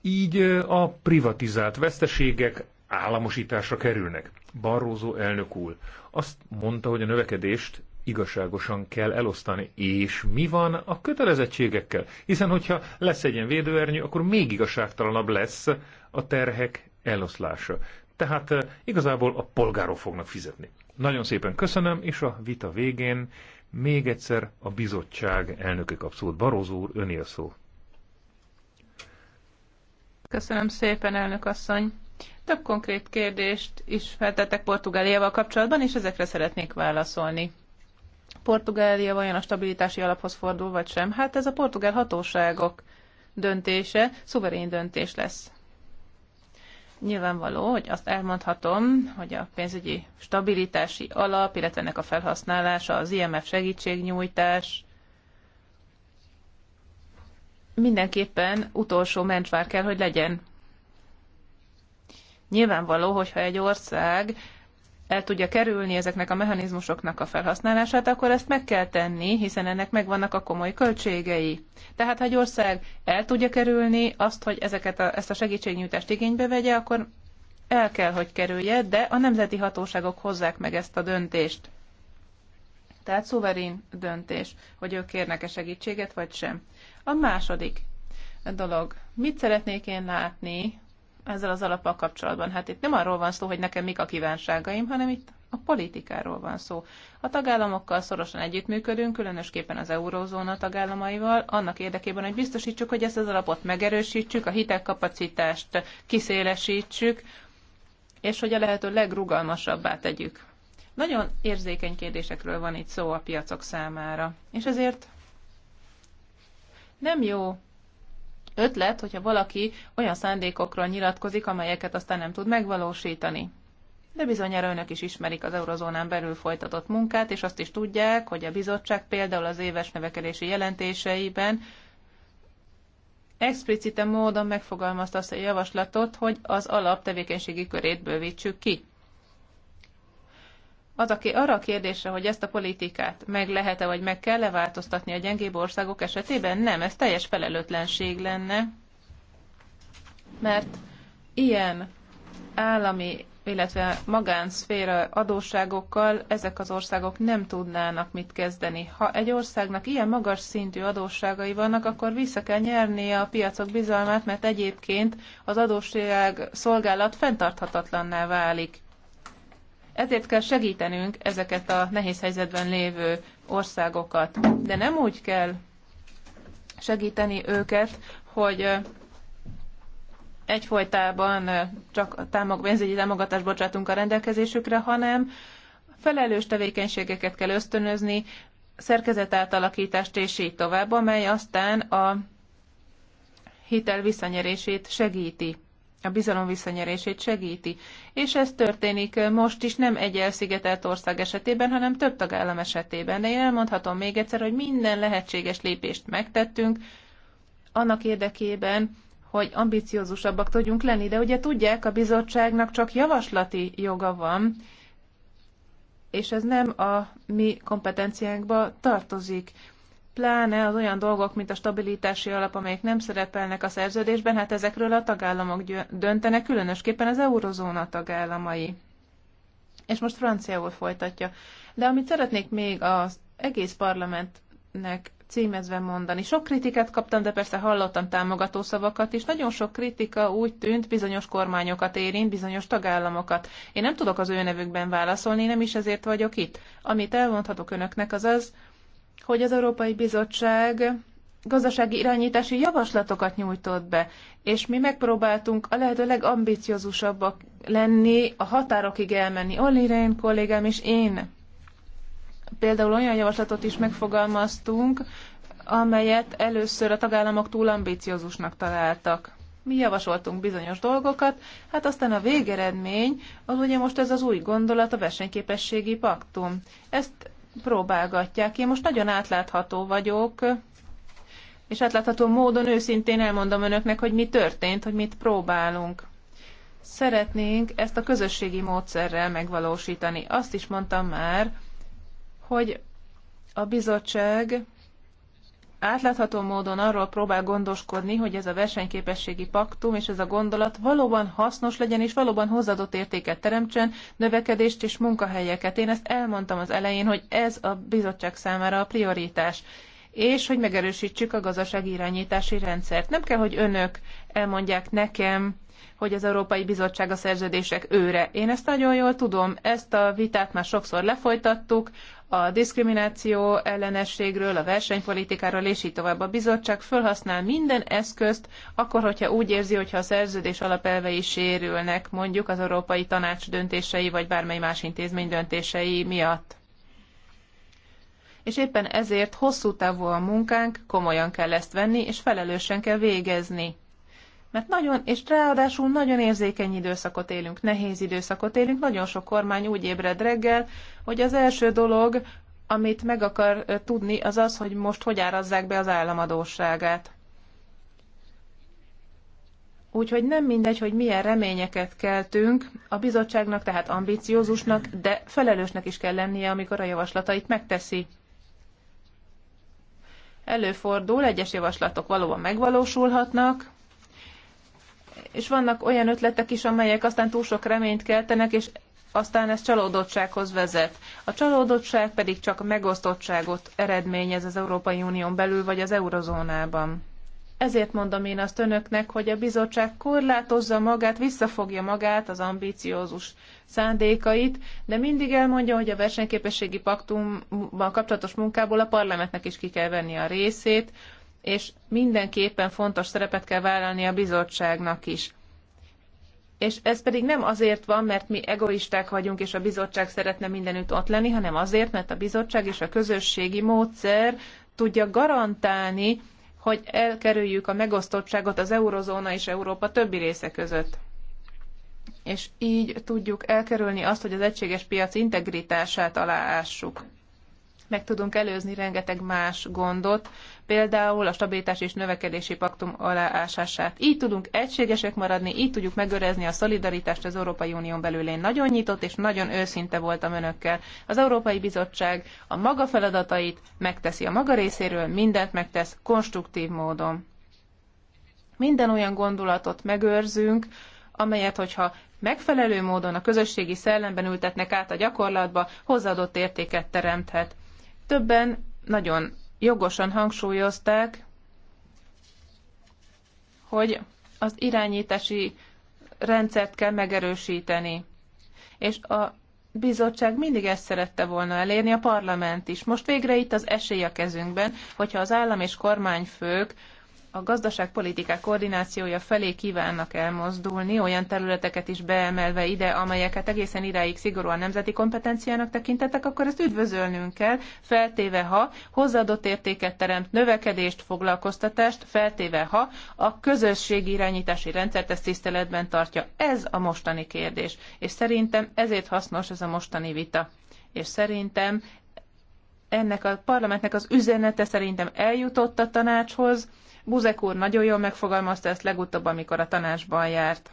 Így a privatizált veszteségek államosításra kerülnek. Barrózó elnök úr azt mondta, hogy a növekedést igazságosan kell elosztani. És mi van a kötelezettségekkel? Hiszen, hogyha lesz egy ilyen védőernyő, akkor még igazságtalanabb lesz a terhek eloszlása. Tehát eh, igazából a polgárok fognak fizetni. Nagyon szépen köszönöm, és a vita végén még egyszer a bizottság elnöke kapszót. szót. Barózó úr, öné a szó. Köszönöm szépen, elnök asszony. Több konkrét kérdést is feltettek Portugáliával kapcsolatban, és ezekre szeretnék válaszolni. Portugália vajon a stabilitási alaphoz fordul, vagy sem? Hát ez a portugál hatóságok döntése, szuverén döntés lesz. Nyilvánvaló, hogy azt elmondhatom, hogy a pénzügyi stabilitási alap, illetve ennek a felhasználása, az IMF segítségnyújtás mindenképpen utolsó mencsvár kell, hogy legyen. Nyilvánvaló, hogyha egy ország el tudja kerülni ezeknek a mechanizmusoknak a felhasználását, akkor ezt meg kell tenni, hiszen ennek megvannak a komoly költségei. Tehát, ha egy ország el tudja kerülni azt, hogy ezeket a, ezt a segítségnyújtást igénybe vegye, akkor el kell, hogy kerülje, de a nemzeti hatóságok hozzák meg ezt a döntést. Tehát szuverén döntés, hogy ők kérnek-e segítséget, vagy sem. A második dolog. Mit szeretnék én látni ezzel az alappal kapcsolatban. Hát itt nem arról van szó, hogy nekem mik a kívánságaim, hanem itt a politikáról van szó. A tagállamokkal szorosan együttműködünk, különösképpen az eurózóna tagállamaival, annak érdekében, hogy biztosítsuk, hogy ezt az alapot megerősítsük, a hitelkapacitást kiszélesítsük, és hogy a lehető legrugalmasabbá tegyük. Nagyon érzékeny kérdésekről van itt szó a piacok számára, és ezért nem jó ötlet, hogyha valaki olyan szándékokról nyilatkozik, amelyeket aztán nem tud megvalósítani. De bizonyára önök is ismerik az eurozónán belül folytatott munkát, és azt is tudják, hogy a bizottság például az éves növekedési jelentéseiben explicite módon megfogalmazta azt a javaslatot, hogy az alap tevékenységi körét bővítsük ki. Az, aki arra a kérdésre, hogy ezt a politikát meg lehet-e vagy meg kell-e változtatni a gyengébb országok esetében, nem, ez teljes felelőtlenség lenne, mert ilyen állami, illetve magánszféra adósságokkal ezek az országok nem tudnának mit kezdeni. Ha egy országnak ilyen magas szintű adósságai vannak, akkor vissza kell nyernie a piacok bizalmát, mert egyébként az adósság szolgálat fenntarthatatlanná válik ezért kell segítenünk ezeket a nehéz helyzetben lévő országokat. De nem úgy kell segíteni őket, hogy egyfolytában csak támog, pénzügyi támogatást bocsátunk a rendelkezésükre, hanem felelős tevékenységeket kell ösztönözni, szerkezetátalakítást és így tovább, amely aztán a hitel visszanyerését segíti a bizalom visszanyerését segíti. És ez történik most is nem egy elszigetelt ország esetében, hanem több tagállam esetében. De én elmondhatom még egyszer, hogy minden lehetséges lépést megtettünk annak érdekében, hogy ambiciózusabbak tudjunk lenni. De ugye tudják, a bizottságnak csak javaslati joga van, és ez nem a mi kompetenciánkba tartozik pláne az olyan dolgok, mint a stabilitási alap, amelyek nem szerepelnek a szerződésben, hát ezekről a tagállamok döntenek, különösképpen az eurozóna tagállamai. És most franciául folytatja. De amit szeretnék még az egész parlamentnek címezve mondani. Sok kritikát kaptam, de persze hallottam támogató szavakat is. Nagyon sok kritika úgy tűnt bizonyos kormányokat érint, bizonyos tagállamokat. Én nem tudok az ő nevükben válaszolni, nem is ezért vagyok itt. Amit elmondhatok önöknek az az, hogy az Európai Bizottság gazdasági irányítási javaslatokat nyújtott be, és mi megpróbáltunk a lehető legambiciózusabbak lenni, a határokig elmenni. Olli Rén kollégám és én például olyan javaslatot is megfogalmaztunk, amelyet először a tagállamok túl ambiciózusnak találtak. Mi javasoltunk bizonyos dolgokat, hát aztán a végeredmény az ugye most ez az új gondolat, a versenyképességi paktum. Ezt próbálgatják. Én most nagyon átlátható vagyok, és átlátható módon őszintén elmondom önöknek, hogy mi történt, hogy mit próbálunk. Szeretnénk ezt a közösségi módszerrel megvalósítani. Azt is mondtam már, hogy a bizottság átlátható módon arról próbál gondoskodni, hogy ez a versenyképességi paktum és ez a gondolat valóban hasznos legyen, és valóban hozzáadott értéket teremtsen, növekedést és munkahelyeket. Én ezt elmondtam az elején, hogy ez a bizottság számára a prioritás és hogy megerősítsük a gazdasági irányítási rendszert. Nem kell, hogy önök elmondják nekem, hogy az Európai Bizottság a szerződések őre. Én ezt nagyon jól tudom, ezt a vitát már sokszor lefolytattuk, a diszkrimináció ellenességről, a versenypolitikáról, és így tovább. A bizottság fölhasznál minden eszközt, akkor, hogyha úgy érzi, hogyha a szerződés alapelvei sérülnek, mondjuk az Európai Tanács döntései, vagy bármely más intézmény döntései miatt. És éppen ezért hosszú távú a munkánk, komolyan kell ezt venni, és felelősen kell végezni. Mert nagyon, és ráadásul nagyon érzékeny időszakot élünk, nehéz időszakot élünk, nagyon sok kormány úgy ébred reggel, hogy az első dolog, amit meg akar tudni, az az, hogy most hogy árazzák be az államadóságát. Úgyhogy nem mindegy, hogy milyen reményeket keltünk, a bizottságnak tehát ambiciózusnak, de felelősnek is kell lennie, amikor a javaslatait megteszi. Előfordul, egyes javaslatok valóban megvalósulhatnak, és vannak olyan ötletek is, amelyek aztán túl sok reményt keltenek, és aztán ez csalódottsághoz vezet. A csalódottság pedig csak megosztottságot eredményez az Európai Unión belül vagy az eurozónában. Ezért mondom én azt önöknek, hogy a bizottság korlátozza magát, visszafogja magát az ambíciózus szándékait, de mindig elmondja, hogy a versenyképességi paktummal kapcsolatos munkából a parlamentnek is ki kell venni a részét, és mindenképpen fontos szerepet kell vállalni a bizottságnak is. És ez pedig nem azért van, mert mi egoisták vagyunk, és a bizottság szeretne mindenütt ott lenni, hanem azért, mert a bizottság és a közösségi módszer tudja garantálni, hogy elkerüljük a megosztottságot az eurozóna és Európa többi része között. És így tudjuk elkerülni azt, hogy az egységes piac integritását aláássuk meg tudunk előzni rengeteg más gondot, például a stabilitás és növekedési paktum aláásását. Így tudunk egységesek maradni, így tudjuk megörezni a szolidaritást az Európai Unión belül. Én nagyon nyitott és nagyon őszinte voltam önökkel. Az Európai Bizottság a maga feladatait megteszi a maga részéről, mindent megtesz konstruktív módon. Minden olyan gondolatot megőrzünk, amelyet, hogyha megfelelő módon a közösségi szellemben ültetnek át a gyakorlatba, hozzáadott értéket teremthet. Többen nagyon jogosan hangsúlyozták, hogy az irányítási rendszert kell megerősíteni. És a bizottság mindig ezt szerette volna elérni, a parlament is. Most végre itt az esély a kezünkben, hogyha az állam és kormányfők a gazdaságpolitikák koordinációja felé kívánnak elmozdulni, olyan területeket is beemelve ide, amelyeket egészen idáig szigorúan nemzeti kompetenciának tekintettek, akkor ezt üdvözölnünk kell, feltéve ha hozzáadott értéket teremt, növekedést, foglalkoztatást, feltéve ha a közösségi irányítási rendszert ezt tiszteletben tartja. Ez a mostani kérdés, és szerintem ezért hasznos ez a mostani vita. És szerintem ennek a parlamentnek az üzenete szerintem eljutott a tanácshoz, Buzek úr nagyon jól megfogalmazta ezt legutóbb, amikor a tanácsban járt.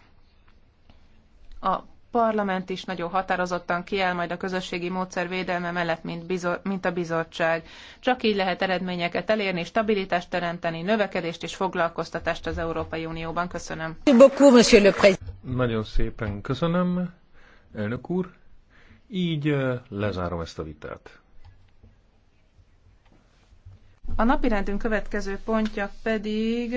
A parlament is nagyon határozottan kiáll majd a közösségi módszer védelme mellett, mint, bizo- mint a bizottság. Csak így lehet eredményeket elérni, stabilitást teremteni, növekedést és foglalkoztatást az Európai Unióban. Köszönöm. Nagyon szépen köszönöm, elnök úr. Így lezárom ezt a vitát. A napirendünk következő pontja pedig